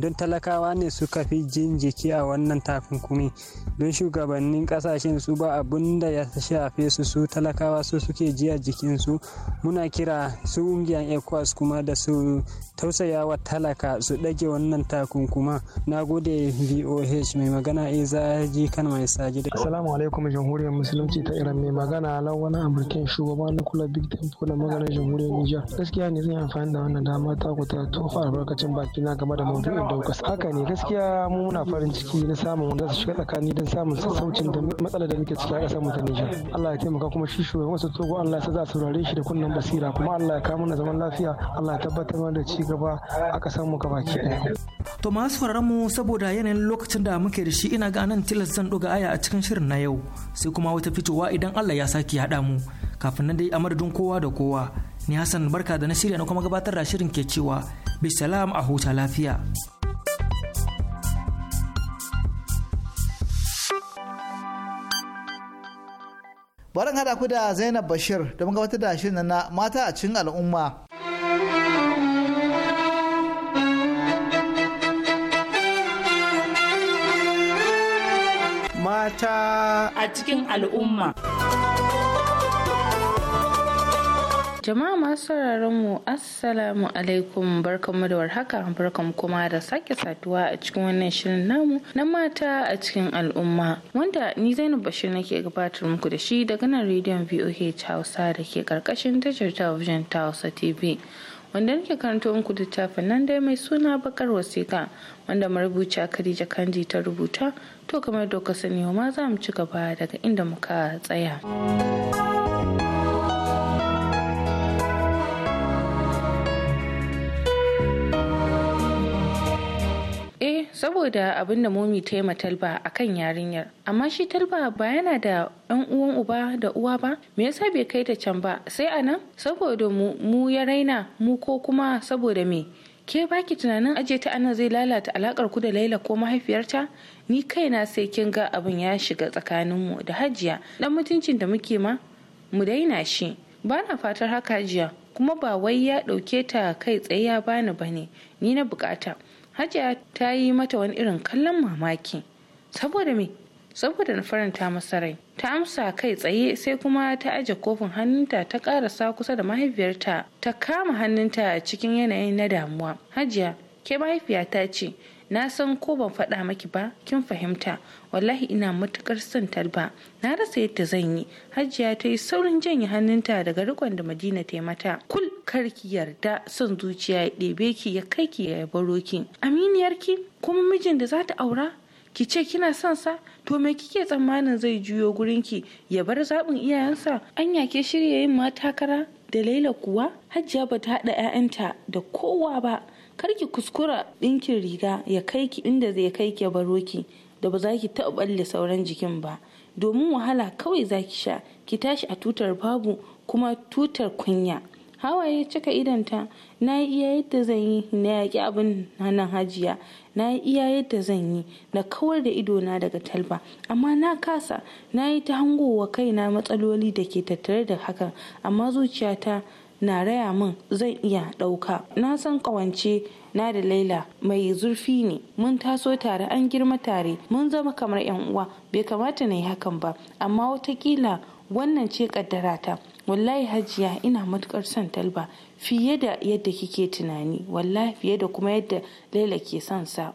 Don talakawa ne su suka fi jin jiki a wannan takunkumi don shugabannin kasashen su ba abun da ya shafe su su talakawa su suke jiya jikinsu muna kira su ungiyan ecowas kuma da su tausayawa talaka su dage wannan takunkuma na gode voh mai magana iza ji kan mai da assalamu alaikum jamhuriyar musulunci ta iran mai magana lawana amurkin shugaba na kula big tempo da maganar jamhuriyar nijar gaskiya ne zan yi amfani da wannan dama ta ku ta tofa albarkacin baki na game da maudu'in daukas haka ne gaskiya gaskiya mu muna farin ciki na samun wanda su shiga tsakani don samun sassaucin da matsalar da muke ciki a ƙasar mu ta Allah ya taimaka kuma shi shugaban wasu togo Allah ya sa za a saurare shi da kunnen basira kuma Allah ya kawo mana zaman lafiya Allah ya tabbatar da ci gaba a ƙasar mu gabaki ɗaya. To masu mu saboda yanayin lokacin da muke da shi ina ga nan tilas zan ɗoga aya a cikin shirin na yau sai kuma wata fitowa idan Allah ya sake haɗa mu kafin nan dai a madadin kowa da kowa ni Hassan barka da na shirya na kuma gabatar da shirin ke cewa bisalam a huta lafiya. Barin hada ku da Zainab Bashir don gabatar da shirin na mata a cikin al'umma. Mata a cikin al'umma. Jama'a masu sauraron mu Assalamu alaikum barkanmu da warhaka barkanmu kuma da sake saduwa a cikin wannan shirin namu na mata a cikin al'umma wanda ni Zainab Bashir nake gabatar muku da shi daga nan rediyon VOH Hausa da ke karkashin tashar talabijin ta Hausa TV. wanda nake karanta muku littafin nan dai mai suna bakar wasiƙa wanda marubuciya Khadija kanji ta rubuta to kamar doka sani ma za mu ci gaba daga inda muka tsaya. saboda abin da momi ta yi ma talba a kan yarinyar amma shi talba ba yana da yan uwan uba da uwa ba me yasa bai kai ta can ba sai a nan saboda mu ya raina mu ko kuma saboda me ke baki tunanin aje ta anan zai lalata alakar ku da laila ko mahaifiyarta ni kaina sai kin ga abin ya shiga tsakaninmu da hajiya dan mutuncin da muke ma mu daina shi ba na fatar haka hajiya kuma ba wai ya ɗauke ta kai tsaye ya bani ba ne. ni na bukata hajiya ta yi mata wani irin kallon mamaki saboda me saboda na faranta masa rai ta amsa kai tsaye sai kuma ta aje kofin hannunta ta karasa kusa da mahaifiyarta ta kama hannunta cikin yanayin na damuwa hajiya ke mahaifiyata ce na san ko ban faɗa maki ba kin fahimta wallahi ina matukar son talba na rasa yadda zan yi hajiya ta yi saurin janye hannunta daga rikon da madina ta yi mata kul kar ki yarda son zuciya ya ɗebe ki ya kai ki ya baro ki aminiyar ki kuma mijin da za ta aura ki ce kina son sa to me kike tsammanin zai juyo gurin ki ya bar zaɓin iyayensa anya ke shirya yin matakara da laila kuwa hajjiya ba ta haɗa 'ya'yanta da kowa ba kar ki kuskura ɗinkin riga ya kai ki inda zai kai ki ya baro ki da ba za ki taɓa balle sauran jikin ba domin wahala kawai za ki sha ki tashi a tutar babu kuma tutar kunya hawaye cika idanta na yi iya yadda zan yi na yaƙi abin nan hajiya na yi iya yadda zan yi na kawar da idona daga talba amma na kasa na yi ta hangowa kaina matsaloli da ke tattare da hakan amma zuciyata na raya min zan iya ɗauka na san ƙawance na da laila mai zurfi ne mun taso tare an girma tare mun zama kamar 'yan uwa bai kamata na yi hakan ba amma watakila wannan ce ta. wallahi hajiya ina matukar son talba fiye da yadda kike tunani wallahi fiye da kuma yadda laila ke son sa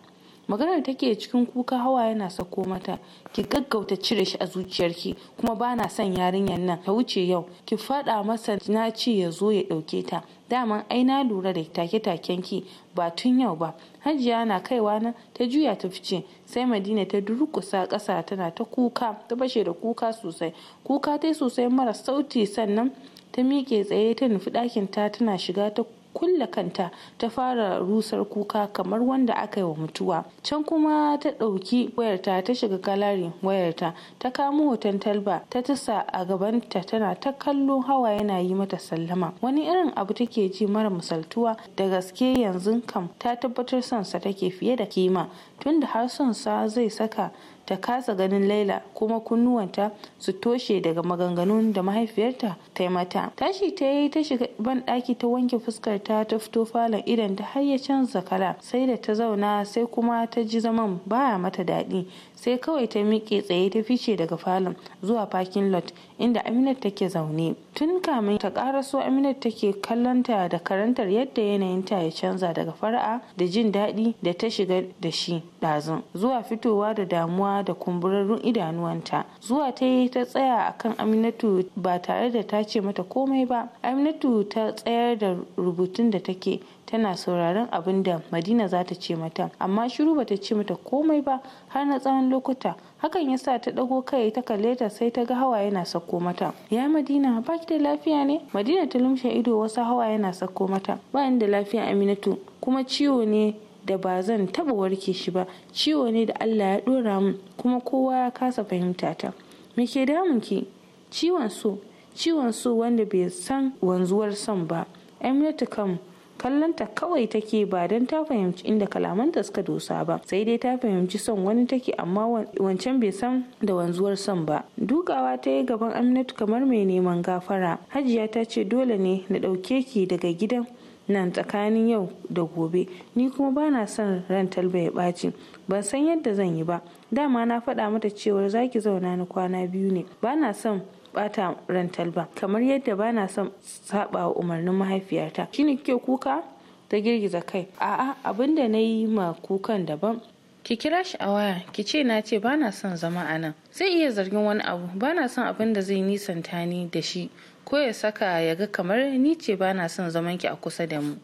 maganar take cikin kuka hawa yana sako mata ki gaggauta cire shi a zuciyarki kuma ba na son yarinyar nan ta wuce yau ki faɗa masa na ce ya zo ya ɗauke ta daman ai na lura da take-taken ki ba tun yau ba hajiya na kaiwa nan ta juya ta fice sai madina ta durƙusa ƙasa tana ta kuka ta bashe da kuka sosai kuka ta sosai mara sauti sannan ta miƙe tsaye ta nufi ɗakin ta tana shiga ta kulle kanta ta fara rusar kuka kamar wanda aka yi wa mutuwa can kuma ta ɗauki wayarta ta shiga galari wayarta ta kamo hoton talba ta tasa a gabanta tana ta kallo hawa yana yi mata sallama wani irin abu take ji mara misaltuwa da gaske yanzu kam ta tabbatar sonsa take fiye da kima tunda har sansa zai saka ta kasa ganin laila kuma kunnuwanta su toshe daga maganganun da mahaifiyarta ta mata tashi ta yi ta shiga ban ta wanke fuskar ta ta fito falon idan ta har ya canza kala sai da ta zauna sai kuma ta ji zaman baya mata daɗi sai kawai ta miƙe tsaye ta fice daga falon zuwa parking lot inda aminat take zaune tun kamin ta karaso aminat take kallonta da karantar yadda yanayin ta ya canza daga fara'a da jin daɗi da ta shiga da shi ɗazun zuwa fitowa da damuwa da kumburarrun idanuwanta zuwa ta yi ta tsaya akan aminatu ba tare da ta ce mata komai ba aminatu ta tsayar da rubutun da take tana sauraron abin da madina za ta ce mata amma shiru bata ce mata komai ba har na tsawon lokuta hakan ya sa ta ɗago kai ta kalle sai ta ga hawa yana sako mata ya madina ba ki da lafiya ne madina ta lumshe ido wasu hawa yana sako mata ba da lafiya aminatu kuma ciwo ne da ba zan taba warke shi ba ciwo ne da allah ya ɗora min kuma kowa ya kasa fahimta ta me ke damun ki ciwon so ciwon so wanda bai san wanzuwar son ba aminatu kam kallonta kawai take ba don ta fahimci inda kalamanta suka dosa ba sai dai ta fahimci son wani take amma wancan bai san da wanzuwar son ba dukawa ta yi gaban aminatu kamar mai neman gafara hajiya ta ce dole ne na ɗauke ki daga gidan nan tsakanin yau da gobe ni kuma ba na son ran talba ya ɓaci ban san yadda zan yi ba dama na faɗa mata cewar zaki zauna na kwana biyu ne ba na son bata ran ba. kamar yadda ba na son saba wa umarnin mahaifiyata shine kike kuka ta girgiza kai a'a abinda na yi ma kukan daban ki kira shi a waya ki ce na ce bana son zama a nan zai iya zargin wani abu bana son abin da zai nisanta ni da shi ko ya saka ya ga kamar ni ce bana son zaman ki a kusa da mu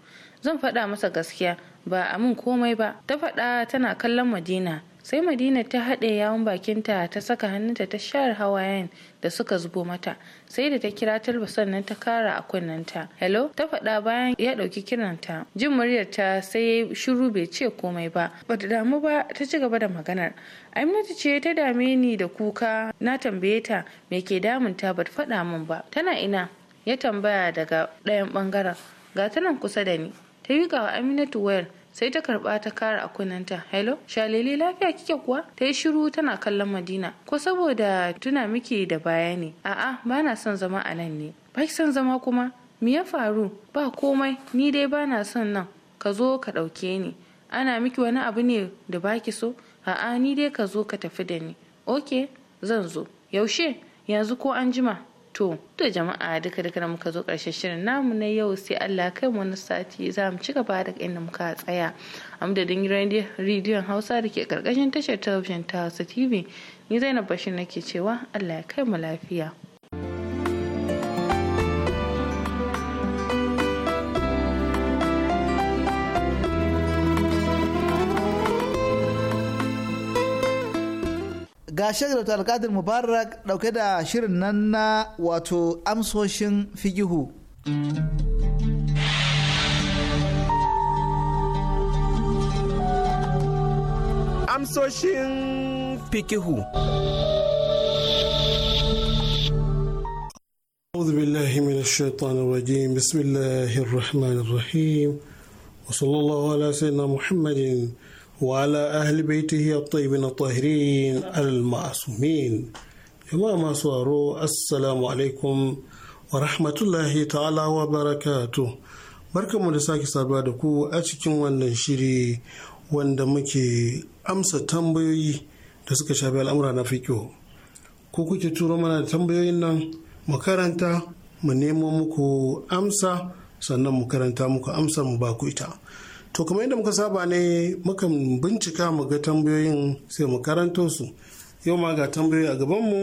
zan faɗa masa gaskiya ba a min komai ba ta faɗa tana kallon madina sai madina ta haɗe yawon bakinta ta saka hannunta ta share hawayen da suka zubo mata sai da ta kira talba sannan ta kara a kunnanta hello ta faɗa bayan ya ɗauki kiranta jin ta sai ya shiru bai ce komai ba Ba ta damu ba ta ci gaba da maganar aminatu ce ta dame ni da kuka na tambaye ta me ke damunta ta faɗa min ba tana ina ya tambaya daga ɗayan ɓangaren ga ta nan kusa da ni ta yi ga aminatu wayar sai ta karba ta kara a ta hello shalili lafiya kike kuwa ta yi shiru tana kallon madina ko saboda tuna miki da baya ne a'a bana son zama a nan ne ba ki son zama kuma me ya faru ba komai ni dai bana son nan ka zo ka ɗauke ni ana miki wani abu ne da baki so a'a ni dai ka zo ka tafi da ni ok zan zo yaushe yanzu ko an jima To, da jama'a duka duka da muka zo ƙarshen shirin namu na yau sai Allah kai wani sati za mu ci gaba da inda muka tsaya. A madadin rediyon Hausa da ke ƙarƙashin tashar talabijin ta Hausa TV, ni Zainab Bashir nake cewa Allah ya kai mu lafiya. ga shagar da alkadir mubarak dauke da shirin nan na wato amsoshin figihu amsoshin fikihu أعوذ بالله من الشيطان الرجيم بسم الله الرحمن الرحيم وصلى الله على سيدنا محمد وعلى أهل بيته الطيبين الطاهرين المعصومين jama'a masu waro assalamu alaikum wa rahmatullahi ta'ala wa barakatu mu da sake saduwa da ku a cikin wannan shiri wanda muke amsa tambayoyi da suka shafi al'amura na fiƙo ko kuke turo mana da tambayoyin nan mu karanta mu nemo muku amsa sannan mu karanta muku amsa mu ba ku ita To kuma yadda muka saba ne mukan bincika mu ga tambayoyin sai mu karanto su. Yau ma ga tambayoyi a gabanmu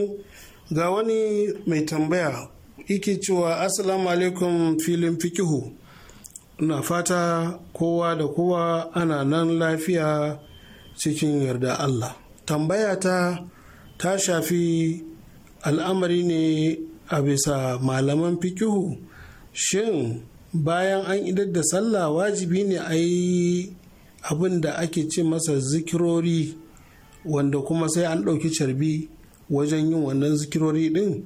ga wani mai tambaya yake cewa Assalamu alaikum filin fikihu. Na fata kowa da kowa ana nan lafiya cikin yarda Allah. Tambaya ta ta shafi al'amari ne a bisa malaman fikihu. Shin bayan an idar da sallah wajibi ne a yi abin da ake ce masa zikirori wanda kuma sai an ɗauki carbi wajen yin wannan zikirori ɗin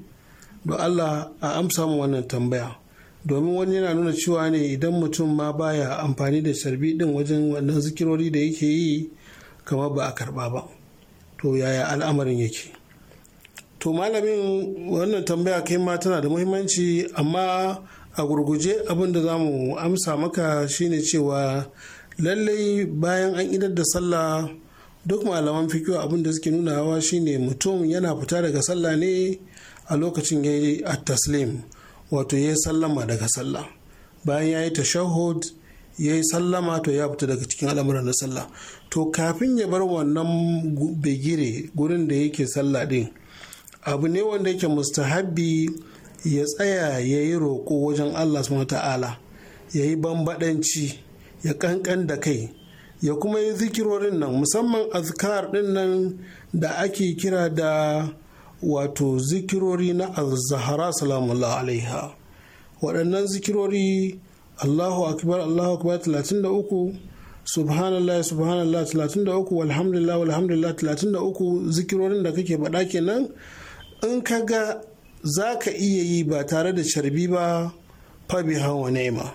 da Allah a amsa mu wannan tambaya domin wani yana nuna cewa ne idan mutum ma baya amfani da carbi ɗin wajen wannan zikirori da yake yi kamar ba a karɓa ba to yaya al'amarin yake to malamin wannan tambaya kai ma tana da muhimmanci amma a gurguje abin da za mu amsa maka shine cewa lallai bayan an idar da sallah duk malaman fikiyo abin da suke nunawa shine mutum yana fita daga sallah ne a lokacin ya yi taslim wato ya yi sallama daga sallah bayan ya yi tashahud ya yi sallama to ya fita daga cikin al'amuran na sallah to kafin ya bar wannan bigire gurin da yake sallah din abu ne wanda yake mustahabbi ya tsaya ya yi roƙo wajen allah subhanahu ta'ala ya yi bambaɗanci ya ƙanƙan da kai ya kuma yi zikirorin nan musamman azkar ɗin nan da ake kira da wato zikirori na az Salamu alaiha waɗannan zikirori allahu akbar allahu akbar 33 subhanallah subhanallah 33 walhamdulillah walhamdulillah 33 zikirorin da kake baɗa kenan in ka ga za ka iya yi ba tare da carbi ba fabi hawa nema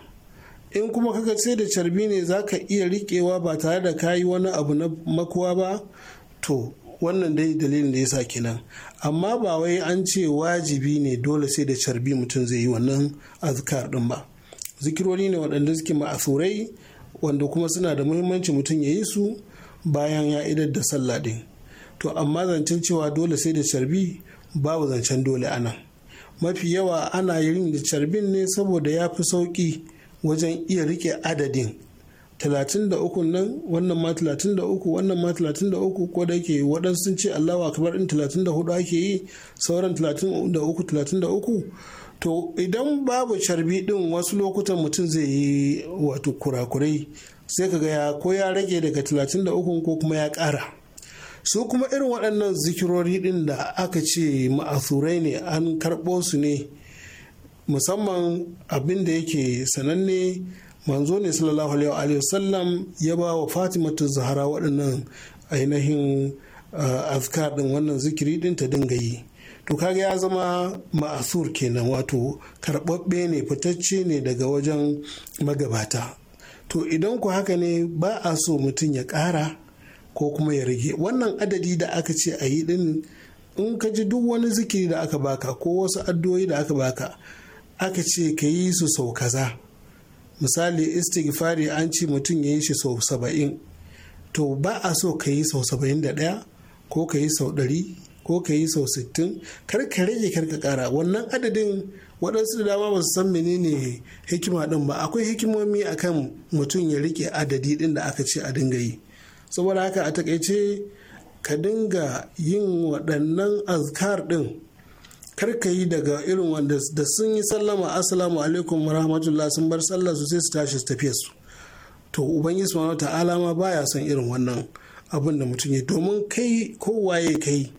in kuma kaga ce da carbi ne za ka iya riƙewa ba tare da kayi wani abu na makuwa ba to wannan dai dalilin da ya sa kenan amma ba wai an ce wajibi ne dole sai da carbi mutum zai yi wannan azkar din ba zikirori ne waɗanda suke ma'asurai wanda kuma suna da muhimmanci mutum ya yi su bayan ya idar da sallah din to amma zancen cewa dole sai da carbi babu zancen dole ana mafi yawa ana yin da carbin ne saboda ya fi sauƙi wajen iya rike adadin 33 nan wannan ma 33 wannan ma 33 ko da yake waɗansu sun ce allahu akbar in 34 ake yi sauran 33 33 to idan babu carbi din wasu lokutan mutum zai yi wato kurakurai sai kaga ya ko ya rage daga 33 ko kuma ya ƙara su kuma irin waɗannan zikirori ɗin da aka ce ma'asurai ne an karɓo su ne musamman abin da yake sananne manzo ne sallallahu alaihi wasallam ya ba wa ta zahara waɗannan ainihin ah, azkar ɗin wannan zikiri ɗin ta dinga yi to kaga ya zama ma'asur kenan wato karɓaɓɓe ne fitacce ne daga wajen magabata to idan ku haka ne ba a so mutum ya ƙara ko kuma ya rage wannan adadi da aka ce a yi din in ka ji duk wani zikiri da aka baka ko wasu addu'o'i da aka baka aka ce ka yi su sau kaza misali istighfari an ce mutum ya yi shi sau saba'in to ba a so ka yi sau saba'in da ɗaya ko ka yi sau ɗari ko ka yi sau sittin kar ka rage karka ka ƙara wannan adadin waɗansu da dama ba su san menene hikima ɗin ba akwai hikimomi akan mutum ya rike adadi ɗin da aka ce a dinga yi saboda haka a takaice ka dinga yin waɗannan azkar ɗin karka yi daga irin wanda da sun yi sallama asalamu alaikum wa rahmatullah sun bar sallah su sai su tashi su tafiye su to ubangiji subhanahu ta'ala ma baya son irin wannan abin da mutum ya domin kai ya kai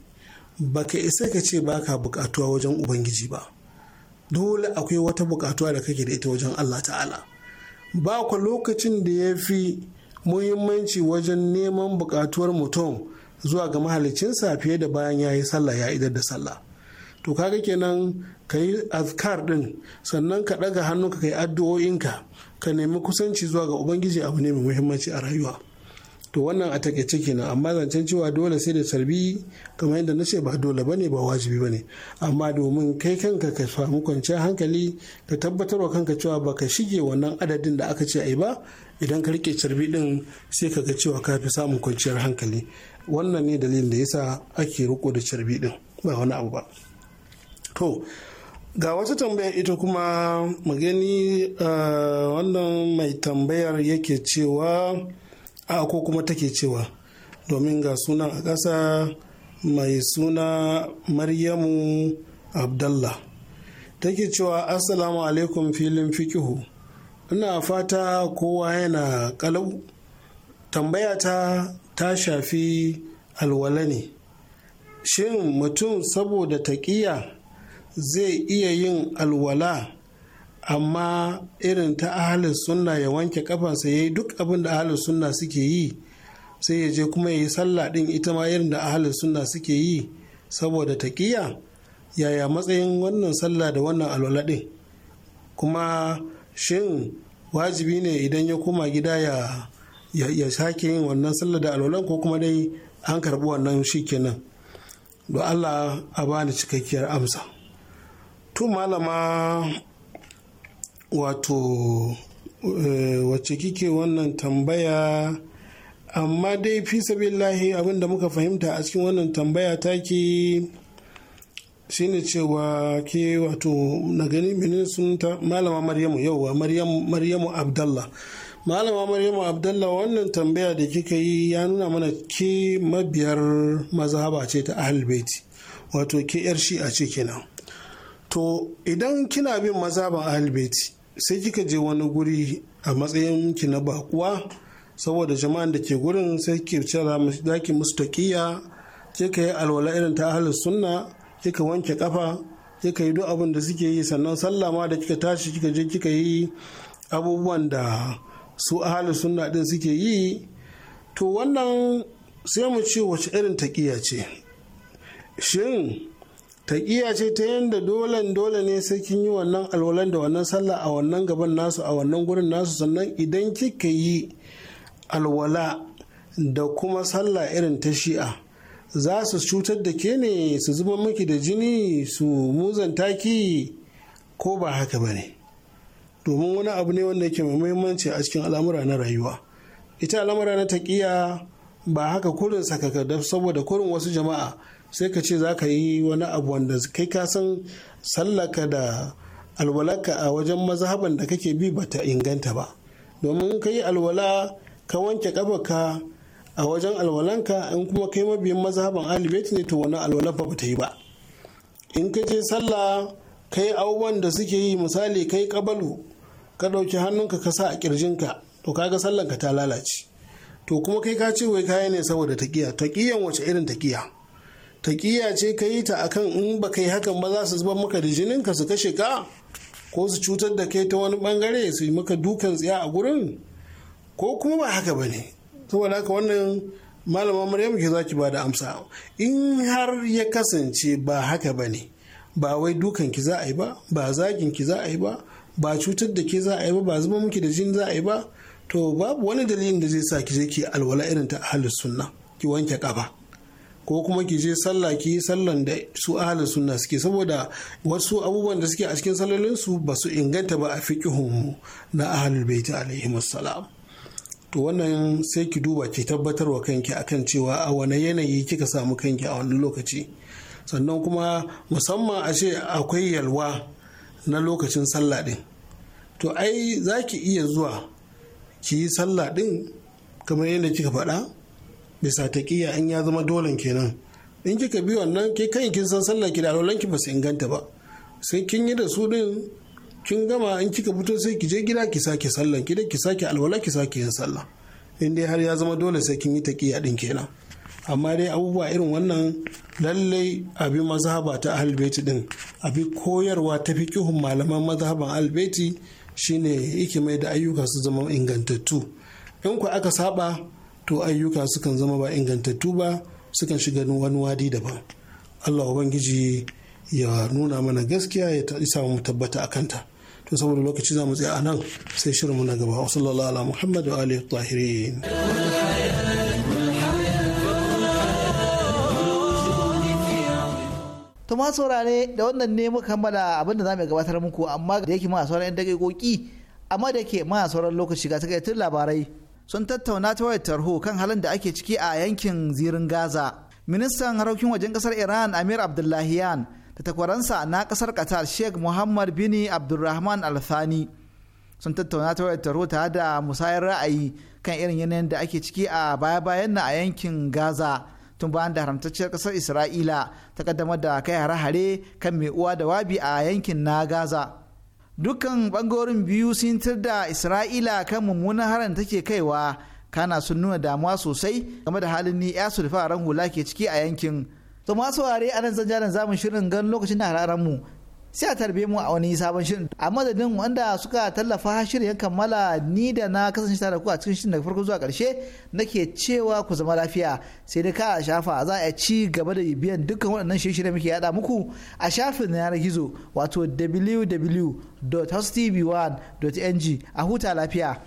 baka isa ka ce baka bukatuwa wajen ubangiji ba dole akwai wata bukatuwa da kake da ita wajen Allah ta'ala ba lokacin da ya fi muhimmanci wajen neman bukatuwar mutum zuwa ga mahalicinsa fiye da bayan ya yi sallah ya idar da sallah to kaga kenan ka yi azkar din sannan ka ɗaga hannu ka yi addu'o'inka ka nemi kusanci zuwa ga ubangiji abu ne mai muhimmanci a rayuwa to wannan a takaice kenan amma zancen cewa dole sai da sarbi kamar yadda na ce ba dole bane ba wajibi ba ne amma domin kai kanka ka samu kwanciyar hankali ka tabbatar wa kanka cewa ba ka shige wannan adadin da aka ce ai ba idan ka rike carbi din sai ka ga cewa ka fi samun kwanciyar hankali wannan ne dalilin da yasa ake riko da carbi din ba wani abu ba to ga wata tambayar ita kuma magani uh, eh, wannan mai tambayar yake cewa a ko kuma take cewa domin ga sunan a ƙasa mai suna maryamu abdallah take cewa assalamu alaikum filin fikihu ina fata kowa yana kalau tambayata ta ta shafi alwala ne shin mutum saboda taƙiya zai iya yin alwala amma irin ta ahalin sunna ya wanke kafansa ya yi duk abin da ahalin sunna suke yi sai ya je kuma ya yi sallah ɗin ita ma irin da ahalin sunna suke yi saboda taƙiya yaya matsayin wannan sallah da wannan alwala ɗin kuma shin wajibi ne idan ya koma gida ya ya sake yin wannan sallar da alwalan ko kuma dai an karbi wannan shi kenan Do allah a bani cikakkiyar amsa to malama wato eh, wacce kike wannan tambaya amma dai fi sabillahi abinda muka fahimta a cikin wannan tambaya take shine cewa ke wato na gani mene sun ta malama maryamu yauwa maryamu abdallah malama maryamu abdallah wannan tambaya da kika yi ya nuna mana ke mabiyar mazhaba ce ta ahalbeti wato ke yar shi a ce kenan to idan kina bin mazhaban ahalbeti sai kika je wani guri a matsayin ki na bakuwa saboda jama'an da ke gurin sai ki za ki musu Ke ka yi alwala irin ta ahalar sunna Kika wanke kafa sai yi duk abin da suke yi sannan sallah ma da kika tashi kika je kika yi abubuwan da su ahali sunna din suke yi to wannan sai mu ce wace irin taƙiya ce shin taƙiya ce ta yadda dole dole ne sai kin yi wannan alwalan da wannan sallah a wannan gaban nasu a wannan gurin nasu sannan idan kika yi alwala da kuma sallah irin ta shi'a za su cutar da ke ne su zuba miki da jini su muzanta ki ko ba haka ba ne domin wani abu ne wanda yake mai muhimmanci a cikin al'amura na rayuwa ita al'amura na taƙiya ba haka kurin sakakadar saboda kurin wasu jama'a sai ka ce za ka yi wani abu wanda kai ka san sallaka da alwalaka a wajen mazhaban da kake bi bata inganta ba domin ka yi alwala ka wanke ƙafarka a wajen alwalanka in kuma kai mabiyin mazhaban alibeti ne to wani alwalan ba ta yi ba in ka je sallah kai abubuwan da suke yi misali kai kabalu ka ɗauki hannunka ka sa a kirjinka to kaga sallanka ta lalace to kuma kai ka ce wai kaya ne saboda taƙiya taƙiyan wace irin taƙiya taƙiya ce ka yi ta akan in ba kai hakan ba za su zuba maka da jinin ka su kashe ka ko su cutar da kai ta wani bangare su yi maka dukan tsiya a gurin ko kuma ba haka ba ne saboda haka wannan malama maryam ke zaki ba da amsa in har ya kasance ba haka ba ne ba wai dukan ki za a yi ba ba zagin ki za a yi ba ba cutar da ke za a yi ba ba zuba miki da jin za a yi ba to babu wani dalilin da zai sa ki je ki alwala irin ta ahlus sunna ki wanke kafa ko kuma ki je sallah ki yi sallan da su ahlus sunna suke saboda wasu abubuwan da suke a cikin sallolin su ba su inganta ba a fiqihun na ahlul baiti alaihi salam to wannan sai ki duba ki tabbatar wa kanki akan cewa a wane yanayi kika samu kanki a wani lokaci sannan kuma musamman a ce akwai yalwa na lokacin sallah din to ai za ki iya zuwa ki yi sallah din kamar yadda kika faɗa bisa kiya in ya zama dolen kenan in kika bi wannan ke kan kin san sallah ki da ki ba su inganta ba sai kin yi da su din kin gama in kika fito sai ki je gida ki sake sallan ki ki sake alwala ki sake yin sallah in dai har ya zama dole sai kin yi ta taqiya din kenan amma dai abubuwa irin wannan lallai abi mazhaba ta albeti din abi koyarwa ta kihun malaman mazhaban albeti shine yake mai da ayyuka su zama ingantattu in ku aka saba to ayyuka sukan zama ba ingantattu ba sukan shiga wani wadi daban Allah ubangiji ya nuna mana gaskiya ya isa samu tabbata a kanta. to saboda lokaci za mu tsaye a nan sai shirinmu na gaba wasu ala muhammadu ali tahirin to saurare da wannan ne muka kammala abin da za mu gabatar muku amma da yake ma sauran yan amma da yake ma sauran lokaci ga takaitattun labarai sun tattauna ta wayar tarho kan halin da ake ciki a yankin zirin gaza ministan harokin wajen kasar iran amir abdullahiyan da takwaransa na kasar qatar sheikh muhammad bini abdulrahman al-thani sun tattauna ta wayar taro tare da musayar ra'ayi kan irin yanayin da ake ciki a baya-bayan na a yankin gaza tun bayan da haramtacciyar kasar isra'ila ta kaddamar da kai hare-hare kan mai uwa da wabi a yankin na gaza dukkan bangarorin biyu sun tir da isra'ila kan mummunan haran take kaiwa kana sun nuna damuwa sosai game da halin ni ya sulfa ran hula ke ciki a yankin to masu ware a nan zanjanin zamun shirin gan lokacin da hararen mu sai a tarbe mu a wani sabon shirin a madadin wanda suka tallafa shirin ya kammala ni da na kasance tare ku a cikin shirin daga farko zuwa karshe nake cewa ku zama lafiya sai da ka shafa za a ci gaba da biyan dukkan waɗannan shirye-shirye muke yada muku a shafin na yanar gizo wato wwwhostv 1ng a huta lafiya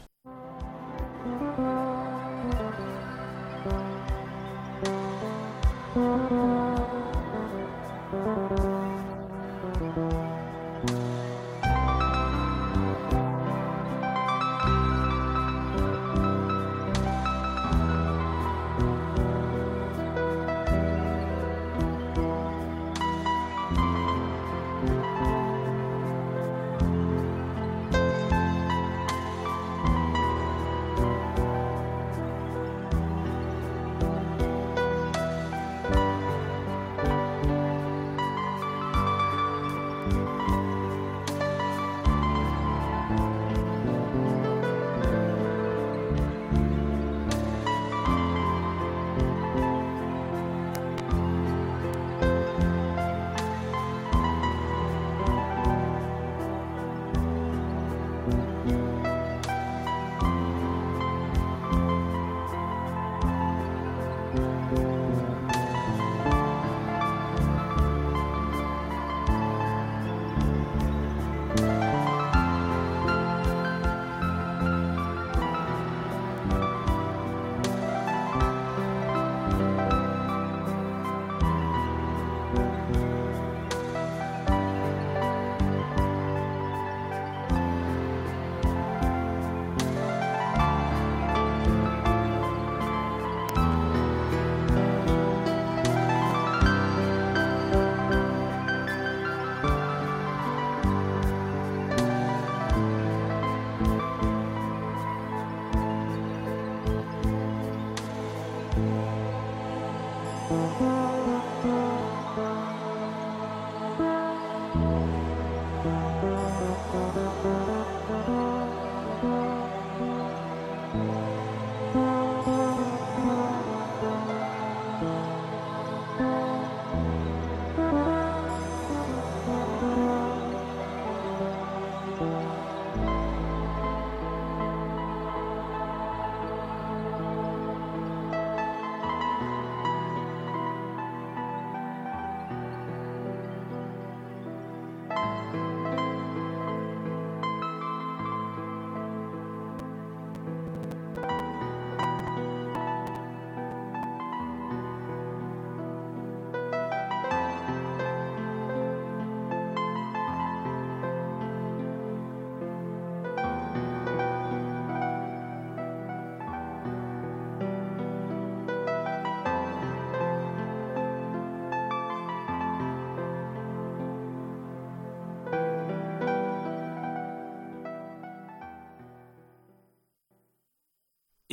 Thank you.